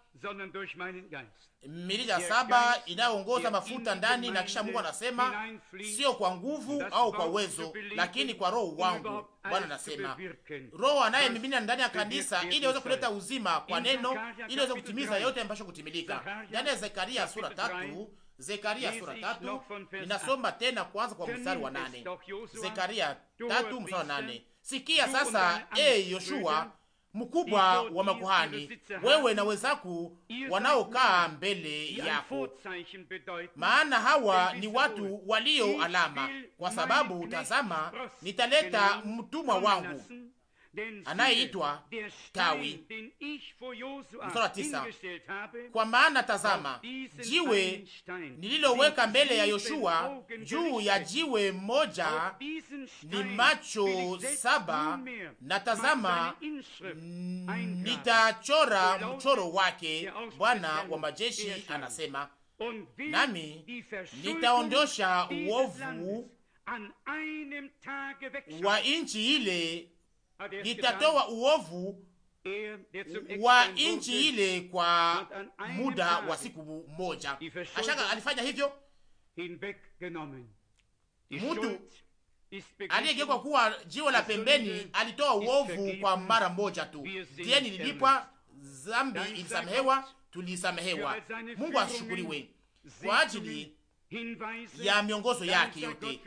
Mirija saba inayoongoza mafuta ndani, na kisha Mungu anasema sio kwa nguvu um au kwa uwezo, lakini kwa roho um wangu. Bwana anasema roho anayemimina ndani ya kanisa, ili aweze kuleta uzima kwa neno, ili aweze kutimiza yote ambacho kutimilika ndani ya Zekaria sura tatu. Zekaria sura tatu, inasoma tena kwanza kwa mstari wa nane. Zekaria tatu mstari wa nane. Sikia sasa, e Yoshua mkubwa wa makuhani, wewe na wenzako wanaokaa mbele yako, maana hawa ni watu walio alama, kwa sababu tazama, nitaleta mtumwa wangu anayeitwa tawi. Mstari tisa: kwa maana tazama, jiwe nililoweka mbele ya Yoshua, juu ya jiwe moja ni macho saba, na tazama, mm, nitachora mchoro wake, Bwana wa majeshi anasema, nami nitaondosha uovu wa nchi ile litatoa uovu wa nchi ile kwa muda wa siku moja. Ashaka alifanya hivyo, mtu aliyegekwa kuwa jiwe la pembeni alitoa uovu kwa mara moja tu. tieni lilipwa, zambi ilisamehewa, tulisamehewa. Mungu ashukuriwe kwa ajili ya miongozo yake yote,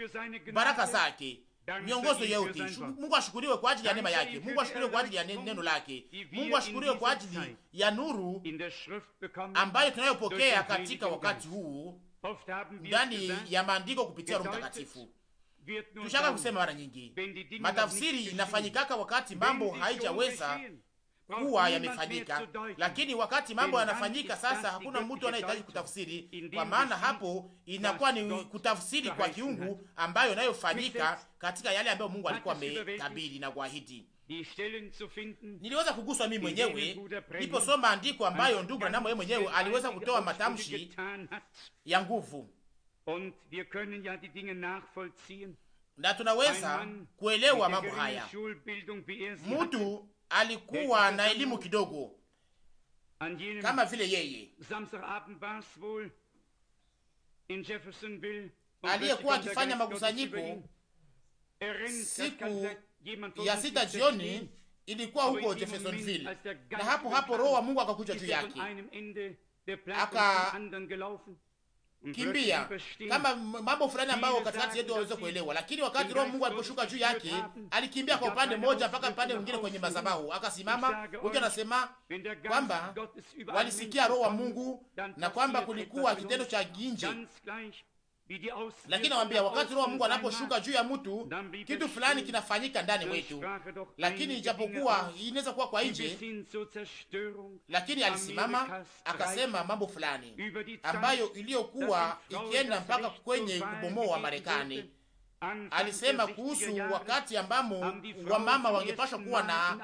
baraka zake miongozo yote. Mungu ashukuriwe kwa ajili ya neema yake. Mungu ashukuriwe kwa ajili ya neno lake. Mungu ashukuriwe kwa ajili ya nuru ambayo tunayopokea katika wakati huu ndani ya maandiko kupitia Roho Mtakatifu. Tushaka kusema mara nyingi, matafsiri inafanyikaka wakati mambo haijaweza kuwa yamefanyika, lakini wakati mambo yanafanyika sasa, hakuna mtu anayehitaji kutafsiri, kwa maana hapo inakuwa ni kutafsiri kwa kiungu ambayo inayofanyika katika yale ambayo Mungu alikuwa ametabiri na kuahidi. Niliweza kuguswa mimi mwenyewe niliposoma andiko ambayo ndugu Branamu yeye mwenyewe aliweza kutoa matamshi ya nguvu, na tunaweza kuelewa mambo haya er mtu alikuwa na elimu kidogo kama vile yeye aliyekuwa akifanya makusanyiko er siku ya sita jioni ilikuwa huko Jeffersonville, na hapo hapo Roho wa Mungu akakuja juu er yake aka Mm-hmm. kimbia kama mambo fulani ambayo katikati yetu waweze kuelewa, lakini wakati Roho Mungu aliposhuka juu yake alikimbia kwa upande mmoja mpaka upande mwingine kwenye madhabahu, akasimama. Wengi wanasema kwamba walisikia Roho wa Mungu na kwamba kulikuwa kitendo cha ginje lakini nawaambia wakati Roho Mungu anaposhuka juu ya mtu, kitu fulani kinafanyika ndani mwetu, lakini ijapokuwa inaweza kuwa kwa nje, lakini alisimama akasema mambo fulani ambayo iliyokuwa ikienda mpaka kwenye kubomoa Marekani. Alisema kuhusu wakati ambamo wamama wangepashwa kuwa na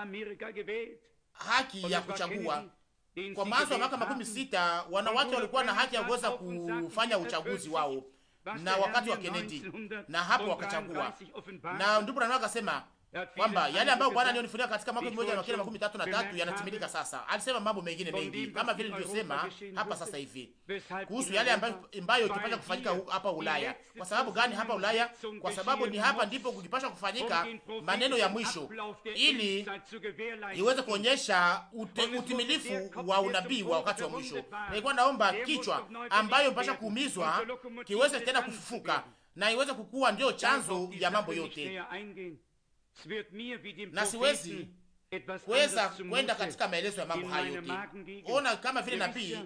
haki ya kuchagua kwa mwanzo wa miaka makumi sita wanawake walikuwa na haki ya kuweza kufanya uchaguzi wao na wakati wa Kennedy, na hapo wakachagua, na ndipo Branham akasema kwamba yale ambayo Bwana alionifunia katika mwaka mmoja wa mia makumi tatu na tatu yanatimilika sasa. Alisema mambo mengine mengi kama vile nilivyosema hapa sasa hivi kuhusu yale ambayo ikipasha kufanyika hapa Ulaya. Kwa sababu gani hapa Ulaya? Kwa sababu ni hapa ndipo kukipasha kufanyika maneno ya mwisho, ili iweze kuonyesha utimilifu wa unabii wa wakati wa mwisho. Nilikuwa naomba kichwa ambayo mpasha kuumizwa kiweze tena kufufuka na iweze kukua ndio chanzo ya mambo yote na siwezi kuweza kwenda katika maelezo ya mambo hayo Ona kama vile nabii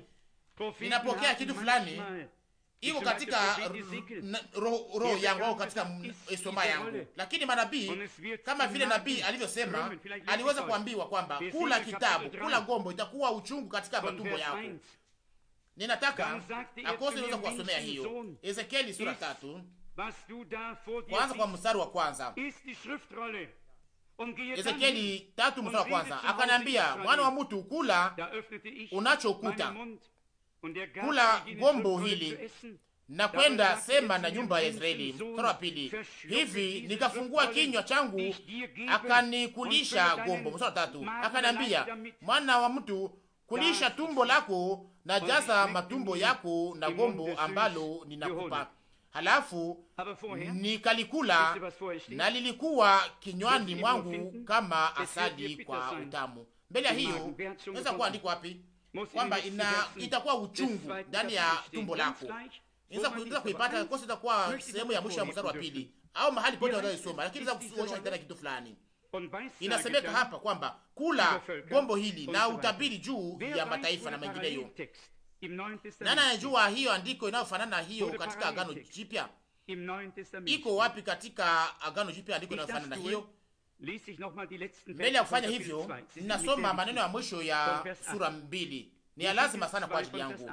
ninapokea kitu fulani iko katika roho yangu au katika soma yangu, lakini manabii kama vile nabii alivyosema, aliweza kuambiwa kwamba kula kitabu, kula gombo itakuwa uchungu katika matumbo yako. Ninataka akose niweza kuwasomea hiyo Ezekieli sura tatu kwanza kwa mstari wa kwanza, Ezekieli tatu mstari wa kwanza, akaniambia mwana wa mtu, kula unachokuta, er kula gombo hili na kwenda er sema na nyumba ya Israeli. Mstari wa pili, hivi nikafungua kinywa changu akanikulisha gombo. Mstari wa tatu, akaniambia mwana wa mtu, kulisha tumbo lako na jaza matumbo yako na gombo ambalo ninakupa halafu nikalikula na lilikuwa kinywani mwangu kama asali kwa utamu. Mbele ya hiyo naweza kuwa andiko wapi kwamba ina itakuwa uchungu ndani ya tumbo lako, inaweza kuipata kosi, itakuwa sehemu ya mwisho ya mstari wa pili au mahali pote wanaoisoma, lakini za kuonyesha kitana kitu fulani. Inasemeka hapa kwamba kula gombo hili na utabiri juu ya mataifa na mengineyo nani anajua hiyo andiko inayofanana hiyo katika Agano Jipya? Iko wapi katika Agano Jipya andiko inayofanana hiyo? Mbele ya kufanya hivyo, ninasoma maneno ya mwisho ya sura mbili, ni ya lazima sana kwa ajili yangu.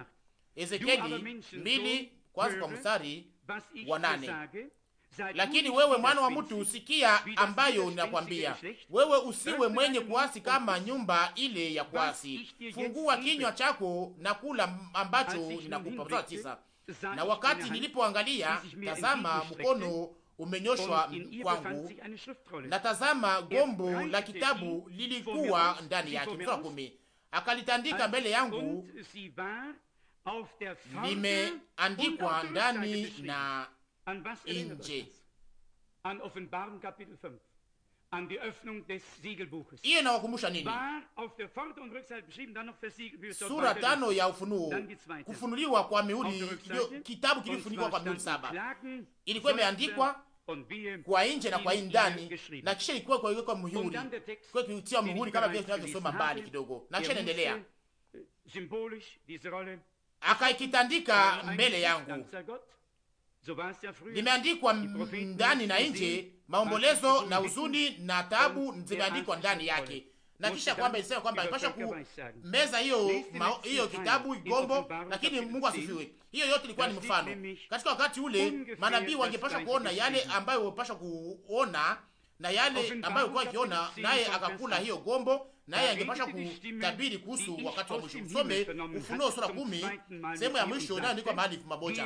Ezekieli mbili kwanza kwa mstari wa nane lakini wewe mwana wa mtu, usikia ambayo ninakwambia wewe, usiwe mwenye kuasi kama nyumba ile ya kuasi. Fungua kinywa chako na kula ambacho ninakupa. tisa na wakati nilipoangalia, tazama, mkono umenyoshwa kwangu, na tazama, er gombo la kitabu lilikuwa ndani yake. kumi akalitandika mbele yangu, limeandikwa ndani na nje. Hiyo inawakumbusha nini? Sura tano ya Ufunuo, kufunuliwa kwa mihuri, kitabu kilifunikwa kwa mihuri saba, ilikuwa imeandikwa kwa nje na kwa ndani, na kisha ilikuwa kwa kwa mihuri, kwa kutia mihuri, kama vile tunavyosoma mbali kidogo, na kisha inaendelea äh, akaikitandika äh, mbele yangu limeandikwa ndani na nje, maombolezo na huzuni na tabu zimeandikwa ndani yake na kisha kwamba isema kwamba ipasha kumeza hiyo hiyo kitabu gombo, lakini Mungu asifiwe. Hiyo yote ilikuwa ni mfano. Katika wakati ule manabii wangepasha kuona yale ambayo wapasha kuona na yale ambayo alikuwa akiona, naye akakula hiyo gombo, naye uh, angepasha kutabiri kuhusu wakati wa mwisho. Msome Ufunuo sura kumi sehemu ya mwisho, nayo ndiko mahali maboja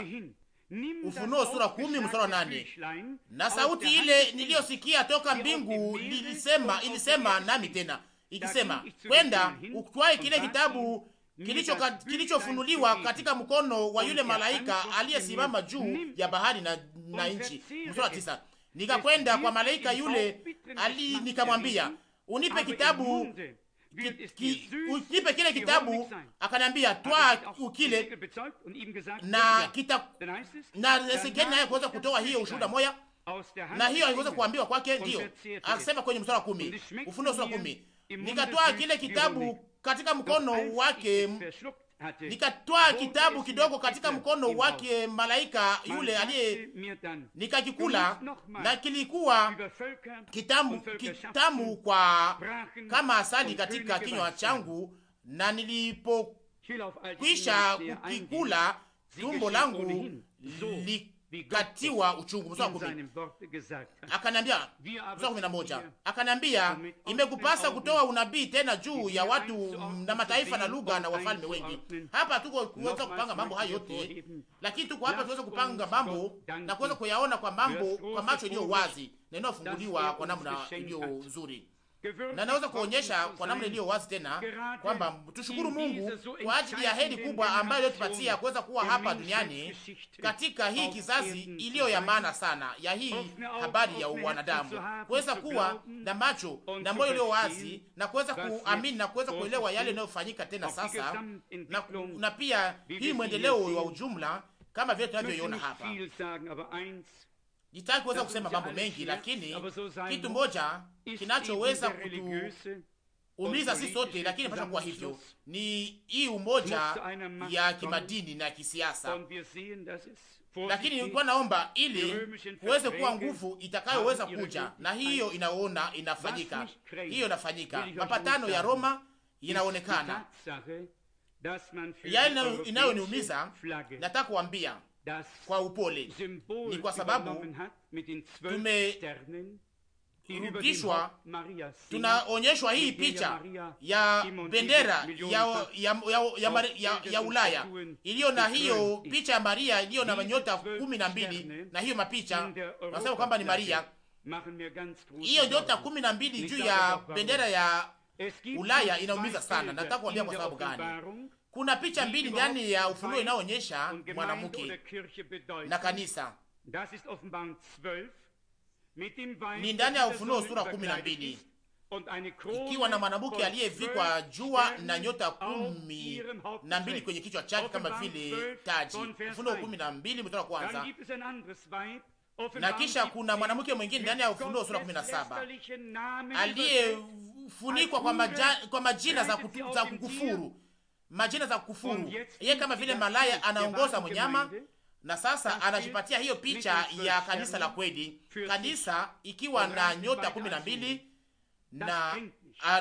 Ufunuo sura kumi mstari wa nane. Na sauti ile niliyosikia toka mbingu ilisema, ilisema nami tena ikisema, kwenda utwae kile kitabu kilichofunuliwa katika mkono wa yule malaika aliyesimama juu ya bahari na, na nchi. Mstari wa tisa. Nikakwenda kwa malaika yule ali, nikamwambia unipe kitabu ki, ki, kile kitabu, akaniambia twaa ukile na kita na Ezekieli naye kuweza kutoa hiyo ushuhuda moya na hiyo aliweza kuambiwa kwake, dio akisema kwenye mstari wa kumi Ufunuo sura kumi nikatoa kile kitabu katika mkono wake nikatwaa kitabu kidogo katika mkono wake malaika yule aliye, nikakikula na kilikuwa kitamu, kitamu kwa kama asali katika kinywa changu, na nilipokwisha kukikula tumbo langu katiwa uchungu. Akaniambia kumi na moja, akaniambia imekupasa kutoa unabii tena juu ya watu na mataifa na lugha na wafalme wengi. Hapa tuko kuweza kupanga mambo hayo yote, lakini tuko hapa tuweze kupanga mambo na kuweza kuyaona kwa mambo kwa macho iliyo wazi na inayofunguliwa er kwa namna iliyo nzuri na naweza kuonyesha kwa namna iliyo wazi tena kwamba tushukuru Mungu kwa ajili ya heri kubwa ambayo iliyotupatia kuweza kuwa hapa duniani katika hii kizazi iliyo ya maana sana ya hii habari ya wanadamu, kuweza kuwa na macho na moyo ulio wazi na kuweza kuamini na kuweza kuelewa yale yanayofanyika tena sasa, na, na pia hii mwendeleo wa ujumla kama vile tunavyoiona hapa. Nitaki kuweza kusema mambo mengi, lakini kitu moja kinachoweza kutuumiza si sote, lakini pasha kuwa hivyo ni hii umoja ya kimadini na kisiasa lakini nilikuwa naomba ili kuweze kuwa nguvu itakayoweza kuja, na hiyo inaona inafanyika, hiyo inafanyika. Mapatano ya Roma inaonekana. Yale yaani inayoniumiza, nataka kuambia kwa upole. Ni kwa sababu tumerudishwa, tunaonyeshwa hii picha ya bendera ya, ya, ya, ya, ya, ya Ulaya iliyo na hiyo picha ya Maria iliyo na manyota kumi na mbili na hiyo mapicha nasema kwamba ni Maria hiyo nyota kumi na mbili juu ya bendera ya Ulaya inaumiza sana. Nataka kuambia kwa sababu gani? Kuna picha mbili ndani ya Ufunuo inayoonyesha mwanamke na kanisa ni ndani ya Ufunuo sura kumi na mbili ikiwa na mwanamke aliyevikwa jua na nyota kumi na mbili kwenye kichwa chake kama vile taji. Ufunuo kumi na mbili mstari wa kwanza. Na kisha kuna mwanamke mwingine ndani ya Ufunuo sura kumi na saba aliyefunikwa kwa, majina za, za kukufuru majina za kufuru. Yeye kama vile malaya anaongoza mnyama, na sasa anajipatia hiyo picha ya kanisa la kweli, kanisa ikiwa na nyota kumi na mbili na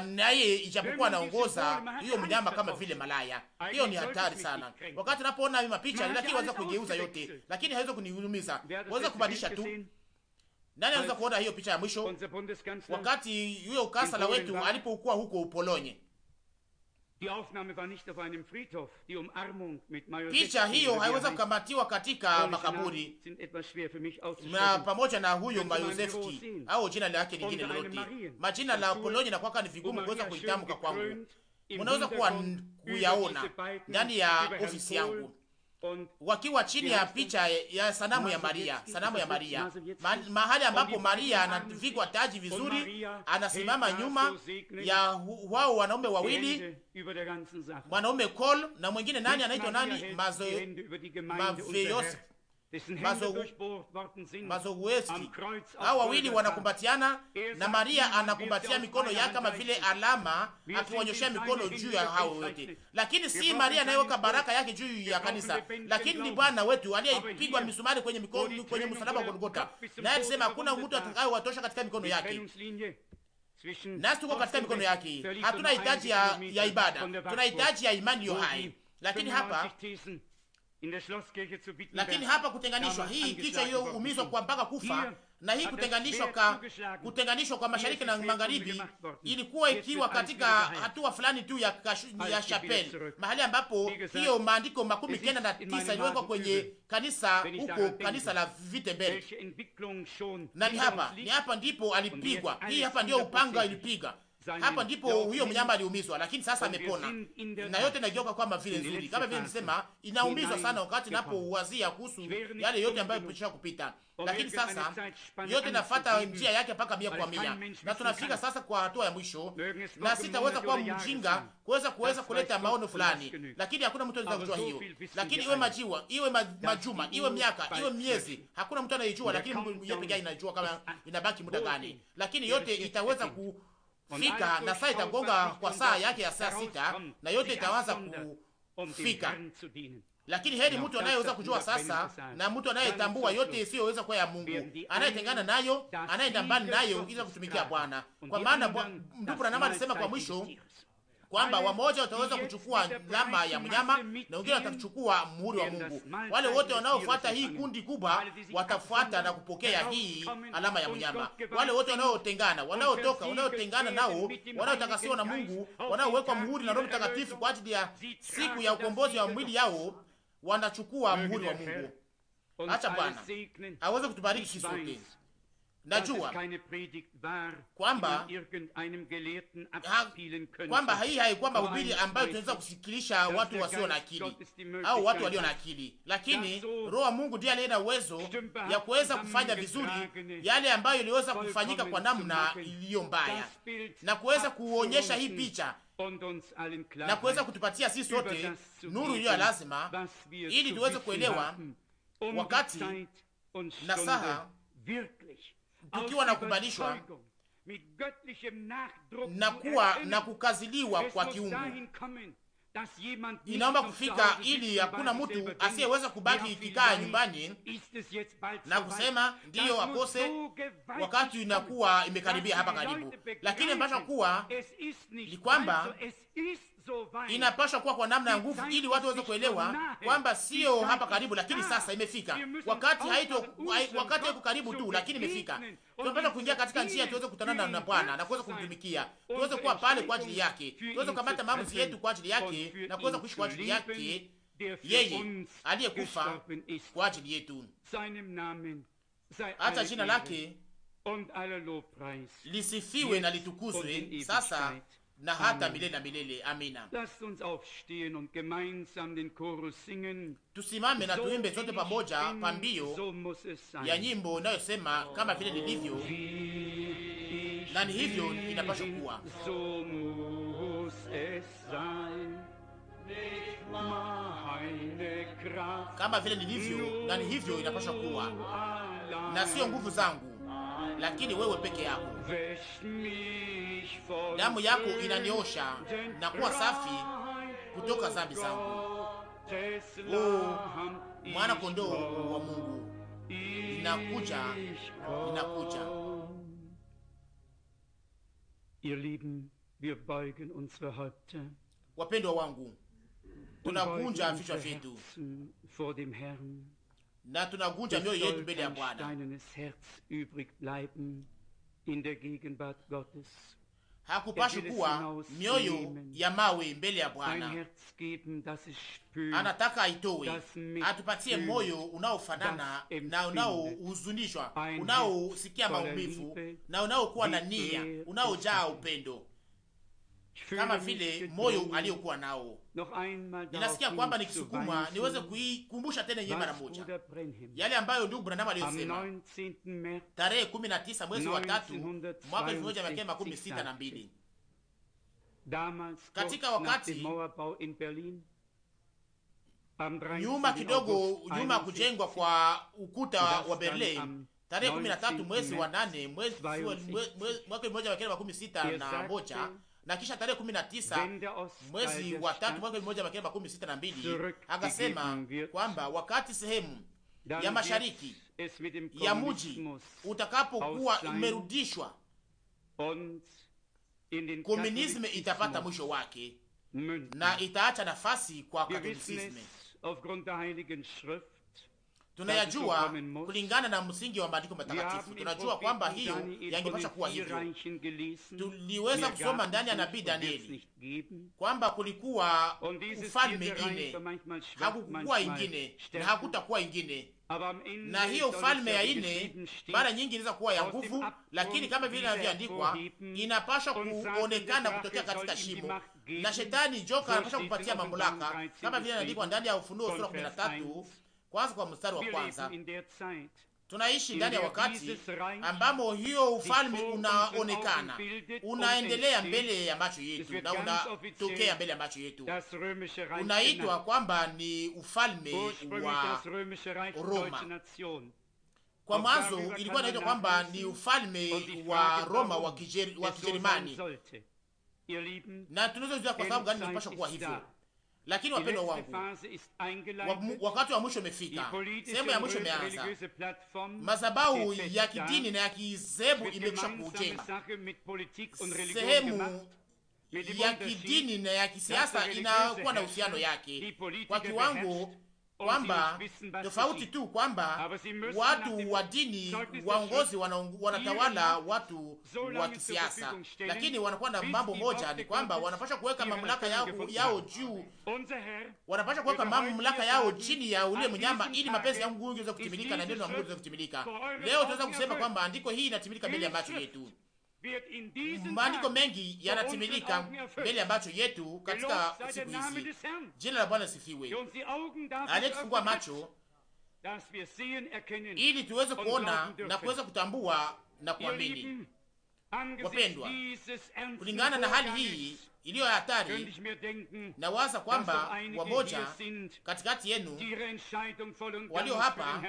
naye ijapokuwa anaongoza hiyo mnyama kama vile malaya. Hiyo ni hatari sana. Wakati napoona mapicha, lakini waweza kugeuza yote, lakini haiwezi kunihurumiza, waweza kubadilisha tu. Nani anaweza kuona hiyo picha ya mwisho? Wakati huyo kasala wetu alipokuwa huko Upolonye Picha hiyo haiweza kukamatiwa katika makaburi, na pamoja na huyo mayosefki au jina lake lingine lolote. Majina la Polonia na kwaka ni vigumu kuweza kuitamka kwangu, unaweza kuwa kuyaona ndani ya ofisi yangu wakiwa chini ya picha ya sanamu ya Maria, sanamu ya Maria Ma, mahali ambapo Maria anavikwa taji vizuri, anasimama nyuma ya wao wanaume wawili, mwanaume Kol na mwingine nani anaitwa nani, Maveyosi mazoezi hawa wawili wanakumbatiana er na Maria anakumbatia mikono yake kama vile alama, akiwanyoshea mikono juu ya hao wote. Lakini si Maria anayeweka baraka yake juu ya kanisa, lakini ni Bwana wetu aliyepigwa misumari kwenye mikono, kwenye msalaba wa Golgotha, naye alisema hakuna mtu watosha katika mikono yake. Nasi tuko katika mikono yake, hatuna hitaji ya, ya ibada, tuna hitaji ya imani yohai, Lakini hapa lakini hapa kutenganishwa hii kichwa umizwa kwa mpaka kufa na hii kutenganishwa ka, kutenganishwa kwa mashariki na magharibi ilikuwa ikiwa katika hatua fulani tu ya, ya Chapel, mahali ambapo hiyo maandiko makumi kenda na tisa iliwekwa kwenye kanisa huko kanisa la Wittenberg, na ni hapa ni hapa ndipo alipigwa. Hii hapa ndio upanga ilipiga hapa ndipo huyo mnyama aliumizwa, lakini sasa amepona, na yote najoka kwamba vile nzuri. Kama vile nilisema, inaumizwa sana wakati napouwazia kuhusu yale yote ambayo imesha kupita, lakini sasa yote nafata njia yake mpaka mia kwa mia, na tunafika sasa kwa hatua ya mwisho, na sitaweza kuwa mjinga kuweza kuweza kuleta maono fulani, lakini hakuna mtu anaweza kujua hiyo. Lakini iwe majiwa, iwe majuma, iwe miaka, iwe miezi, hakuna mtu anayejua, lakini Mungu yeye pekee anajua kama inabaki muda gani, lakini yote itaweza ku fika na saa itagonga kwa saa yake ya saa sita na yote itaanza kufika. Lakini heri mtu anayeweza kujua sasa na mtu anayetambua yote isiyoweza kuwa ya Mungu, anayetengana nayo, anayeenda mbali nayo ili kutumikia Bwana, kwa maana ndugu Branham alisema kwa mwisho kwamba wamoja wataweza kuchukua alama ya mnyama na wengine watachukua muhuri wa Mungu. Wale wote wanaofuata hii kundi kubwa watafuata na kupokea hii alama ya mnyama. Wale wote wanaotengana, wanaotoka, wanaotengana nao, wanaotakasiwa na Mungu, wanaowekwa muhuri na Roho Mtakatifu kwa ajili ya siku ya ukombozi wa mwili yao, wanachukua muhuri wa Mungu. Acha Bwana aweze kutubariki sote najua kwamba kwamba hii haikwamba ubili ambayo tunaweza kusikilisha watu wasio na akili au watu walio na akili, lakini Roho wa Mungu ndiye aliye na uwezo ya kuweza kufanya vizuri yale ambayo iliweza kufanyika kwa namna iliyo mbaya na kuweza kuonyesha hii picha na kuweza kutupatia sisi sote nuru iliyo lazima, ili tuweze kuelewa wakati na saha tukiwa na kubadishwa na kuwa na kukaziliwa kwa kiungu inaomba kufika ili hakuna mtu asiyeweza kubaki ikikaa nyumbani na kusema ndiyo akose, wakati inakuwa imekaribia hapa karibu. Lakini ambacho kuwa ni kwamba inapashwa kuwa kwa namna ya nguvu, ili watu waweze kuelewa kwamba sio hapa karibu, lakini sasa imefika wakati. Haito wakati haiko karibu tu, lakini imefika. Tunapaswa kuingia katika njia, tuweze kutanana na Bwana na kuweza kumtumikia, tuweze kuwa pale kwa ajili yake, tuweze kukamata maamuzi yetu kwa ajili yake na kuweza kuishi kwa ajili yake, yeye aliyekufa kwa ajili yetu. Hata jina lake lisifiwe na litukuzwe sasa na hata milele na milele. Amina. Tusimame na tuimbe sote pamoja pambio mbio ya nyimbo inayosema kama vile nilivyo na ni hivyo inapaswa kuwa. So kama vile nilivyo na ni hivyo inapaswa kuwa, na sio nguvu zangu lakini wewe peke yako. Damu yako inaniosha na kuwa safi kutoka dhambi zangu. Oh, mwana kondoo wa Mungu, inakuja inakuja Ihr Lieben, wir beugen unsere Häupter. Wapendwa wangu, tunakunja vichwa vyetu vor dem Herrn na tunagunja mioyo yetu mbele ya Bwana. Hakupashi er kuwa mioyo ya mawe mbele ya Bwana, anataka aitowe, atupatie moyo unaofanana na unaohuzunishwa, unaosikia maumivu na unaokuwa na nia, unaojaa upendo kama vile moyo aliyokuwa nao. Ninasikia kwamba nikisukuma niweze kuikumbusha tena yeye mara moja yale ambayo ndugu Branham aliyosema tarehe 19 mwezi wa tatu mwaka 1962 katika wakati nyuma kidogo nyuma ya kujengwa kwa ukuta wa Berlin tarehe 13 mwezi wa nane mwaka 1961 na kisha tarehe kumi na tisa mwezi wa tatu mwaka elfu moja mia kenda makumi sita na mbili akasema kwamba wakati sehemu ya mashariki ya muji utakapokuwa umerudishwa komunisme itapata mwisho wake na itaacha nafasi kwa katolisisme tunayajua kulingana na msingi wa maandiko matakatifu. Tunajua kwamba hiyo yangepasha kuwa hivyo. Tuliweza kusoma ndani ya nabii Danieli kwamba kulikuwa ufalme ine, hakukuwa ingine na hakutakuwa ingine na hiyo ufalme ya ine mara nyingi inaweza kuwa ya nguvu, lakini kama vile inavyoandikwa inapasha kuonekana kutokea katika shimo, na shetani joka anapasha kupatia mamlaka, kama vile inaandikwa ndani ya Ufunuo sura 13 kwanza kwa mstari wa kwanza, tunaishi ndani ya wakati ambamo hiyo ufalme unaonekana unaendelea mbele ya macho yetu na unatokea mbele ya macho yetu. Unaitwa kwamba ni ufalme wa Roma. Kwa mwanzo ilikuwa inaitwa kwamba ni ufalme wa Roma wa Kijerumani, na tunaweza kujua kwa sababu gani inapaswa kuwa hivyo lakini wapendwa wangu, wakati wa mwisho umefika, sehemu ya mwisho imeanza. Mazabau ya kidini na ya kizebu imekwisha kujenga, sehemu ya kidini na ya kisiasa inakuwa na uhusiano yake kwa kiwango kwamba tofauti tu kwamba watu wa dini waongozi wanatawala watu wa kisiasa, lakini wanakuwa na mambo moja, ni kwamba wanapasha kuweka mamlaka yao, yao juu, wanapasha kuweka mamlaka yao chini ya ule mnyama, ili mapenzi ya Mungu kutimilika na neno la Mungu liweze kutimilika. Leo tunaweza kusema kwamba andiko hii inatimilika mbele ya macho yetu. Maandiko mengi yanatimilika mbele ya macho yetu katika siku hizi. Jina la Bwana sifiwe, aliyetufungua macho ili tuweze kuona na kuweza kutambua na kuamini. Wapendwa, kulingana na hali hii iliyo hatari, na waza kwamba wamoja katikati yenu walio hapa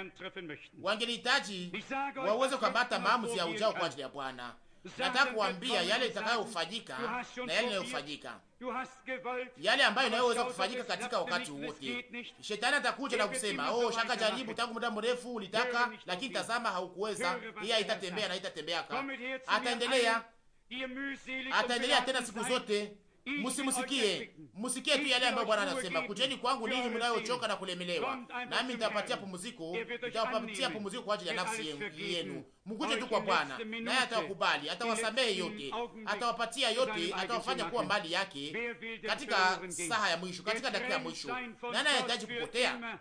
wangelihitaji waweze kukamata maamuzi ya ujao kwa ajili ya Bwana. Nataka kuambia yale itakayofanyika na yale inayofanyika, yale ambayo inayoweza kufanyika katika wakati wote. Shetani atakuja na kusema oh, shaka jaribu tangu muda mrefu ulitaka, lakini tazama, haukuweza. Hii haitatembea na haitatembea, ataendelea ataendelea tena siku zote Msimusikie, mm, musikie tu yale ambayo Bwana anasema, kujeni kwangu ninyi mnayochoka na kulemelewa, nami nitapatia pumziko, nitapatia pumziko kwa ajili ya nafsi yenu. Mkuje tu kwa Bwana, naye atawakubali, atawasamehe yote, atawapatia yote, atawafanya kuwa mali yake katika saha ya mwisho, katika dakika ya mwisho. Nani anahitaji kupotea?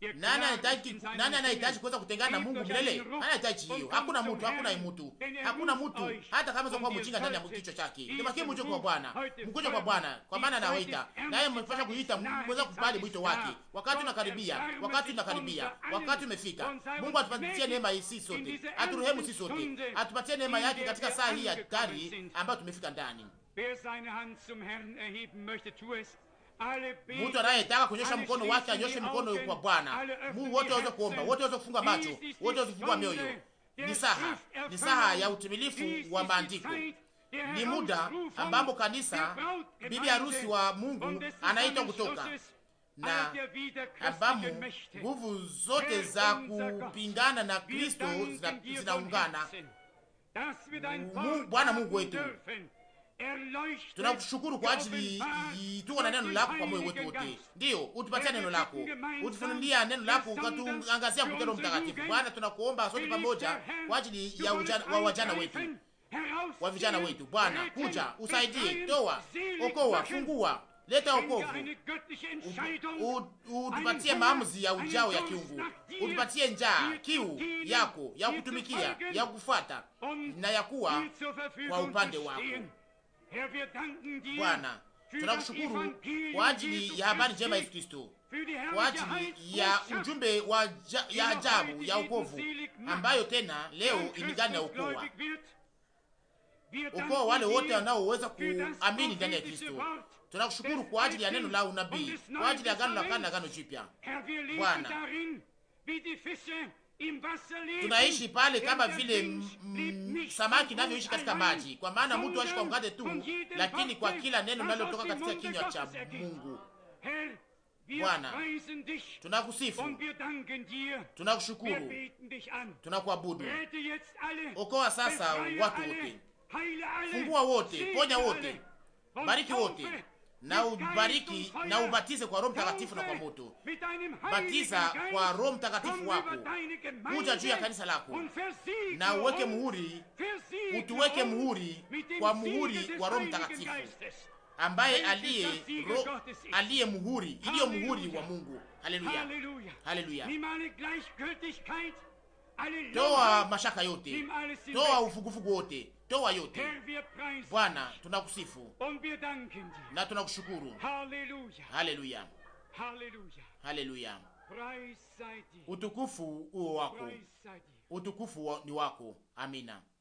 Nani anahitaji nani anahitaji kuweza kutengana na Mungu milele? Anahitaji hiyo. Hakuna mtu, hakuna mtu. Hakuna mtu hata kama sio kwa mjinga ndani ya kichwa chake. Nibakie mje kwa Bwana. Mkuje kwa Bwana kwa maana anaoita. yeye mmefanya kuita kuweza kukubali mwito wake. Wakati unakaribia, wakati unakaribia, wakati umefika. Mungu atupatie neema hii sisi sote. aturuhemu, sisi sote. Atupatie neema yake katika saa hii ya hatari ambayo tumefika ndani. Wer seine Hand zum Herrn erheben möchte, tu es Mtu anayetaka kunyosha mkono wake anyoshe mkono kwa Bwana. Mungu wote waweze kuomba, wote waweze kufunga macho, wote waweze kufunga mioyo. Ni saha, ni saha ya utimilifu wa maandiko. Ni muda ambapo kanisa, bibi harusi wa Mungu, anaitwa kutoka na ambamo nguvu zote za kupingana na Kristo zinaungana. Bwana Mungu wetu tunakushukuru kwa ajili tuko na neno lako kwa moyo wetu wote. ndio utupatia neno lako, utufunulia neno lako, ukatuangazia mkutano mtakatifu. Bwana, tunakuomba sote pamoja kwa ajili ya ujana, wa wajana wetu wa vijana wetu. Bwana, kuja usaidie, toa, okoa, fungua, leta wokovu, utupatie maamuzi ya ujao ya kiungu, utupatie njaa, kiu yako ya kutumikia, ya kufuata na ya kuwa kwa upande wako. Bwana, tunakushukuru kwa ajili ya habari njema Yesu Kristo, kwa ajili ya ujumbe wa ja, ya ajabu ya ukovu ambayo tena leo imigani ya ukoa ukoa wale wote wanaoweza kuamini ndani ya Kristo. Tunakushukuru kwa ajili ya neno la unabii, kwa ajili ya agano la kale na jipya Bwana tunaishi pale kama vile samaki navyoishi katika maji, kwa maana mtu aishi kwa mkate tu, lakini kwa kila neno linalotoka katika kinywa cha Mungu. Bwana, tunakusifu, tunakushukuru, tunakuabudu. Okoa sasa watu wote, fungua wote, ponya wote, bariki wote na ubariki na ubatize kwa Roho Mtakatifu na kwa moto. Batiza kwa Roho Mtakatifu wako, kuja juu ya kanisa lako na uweke muhuri, utuweke muhuri kwa muhuri wa Roho Mtakatifu ambaye aliye ro, aliye muhuri iliyo muhuri wa Mungu. Haleluya, haleluya! Toa mashaka yote, toa ufugufugu wote toa yote. Bwana, tunakusifu na tunakushukuru. Haleluya, haleluya. Utukufu uo wako, utukufu ni wako. Amina.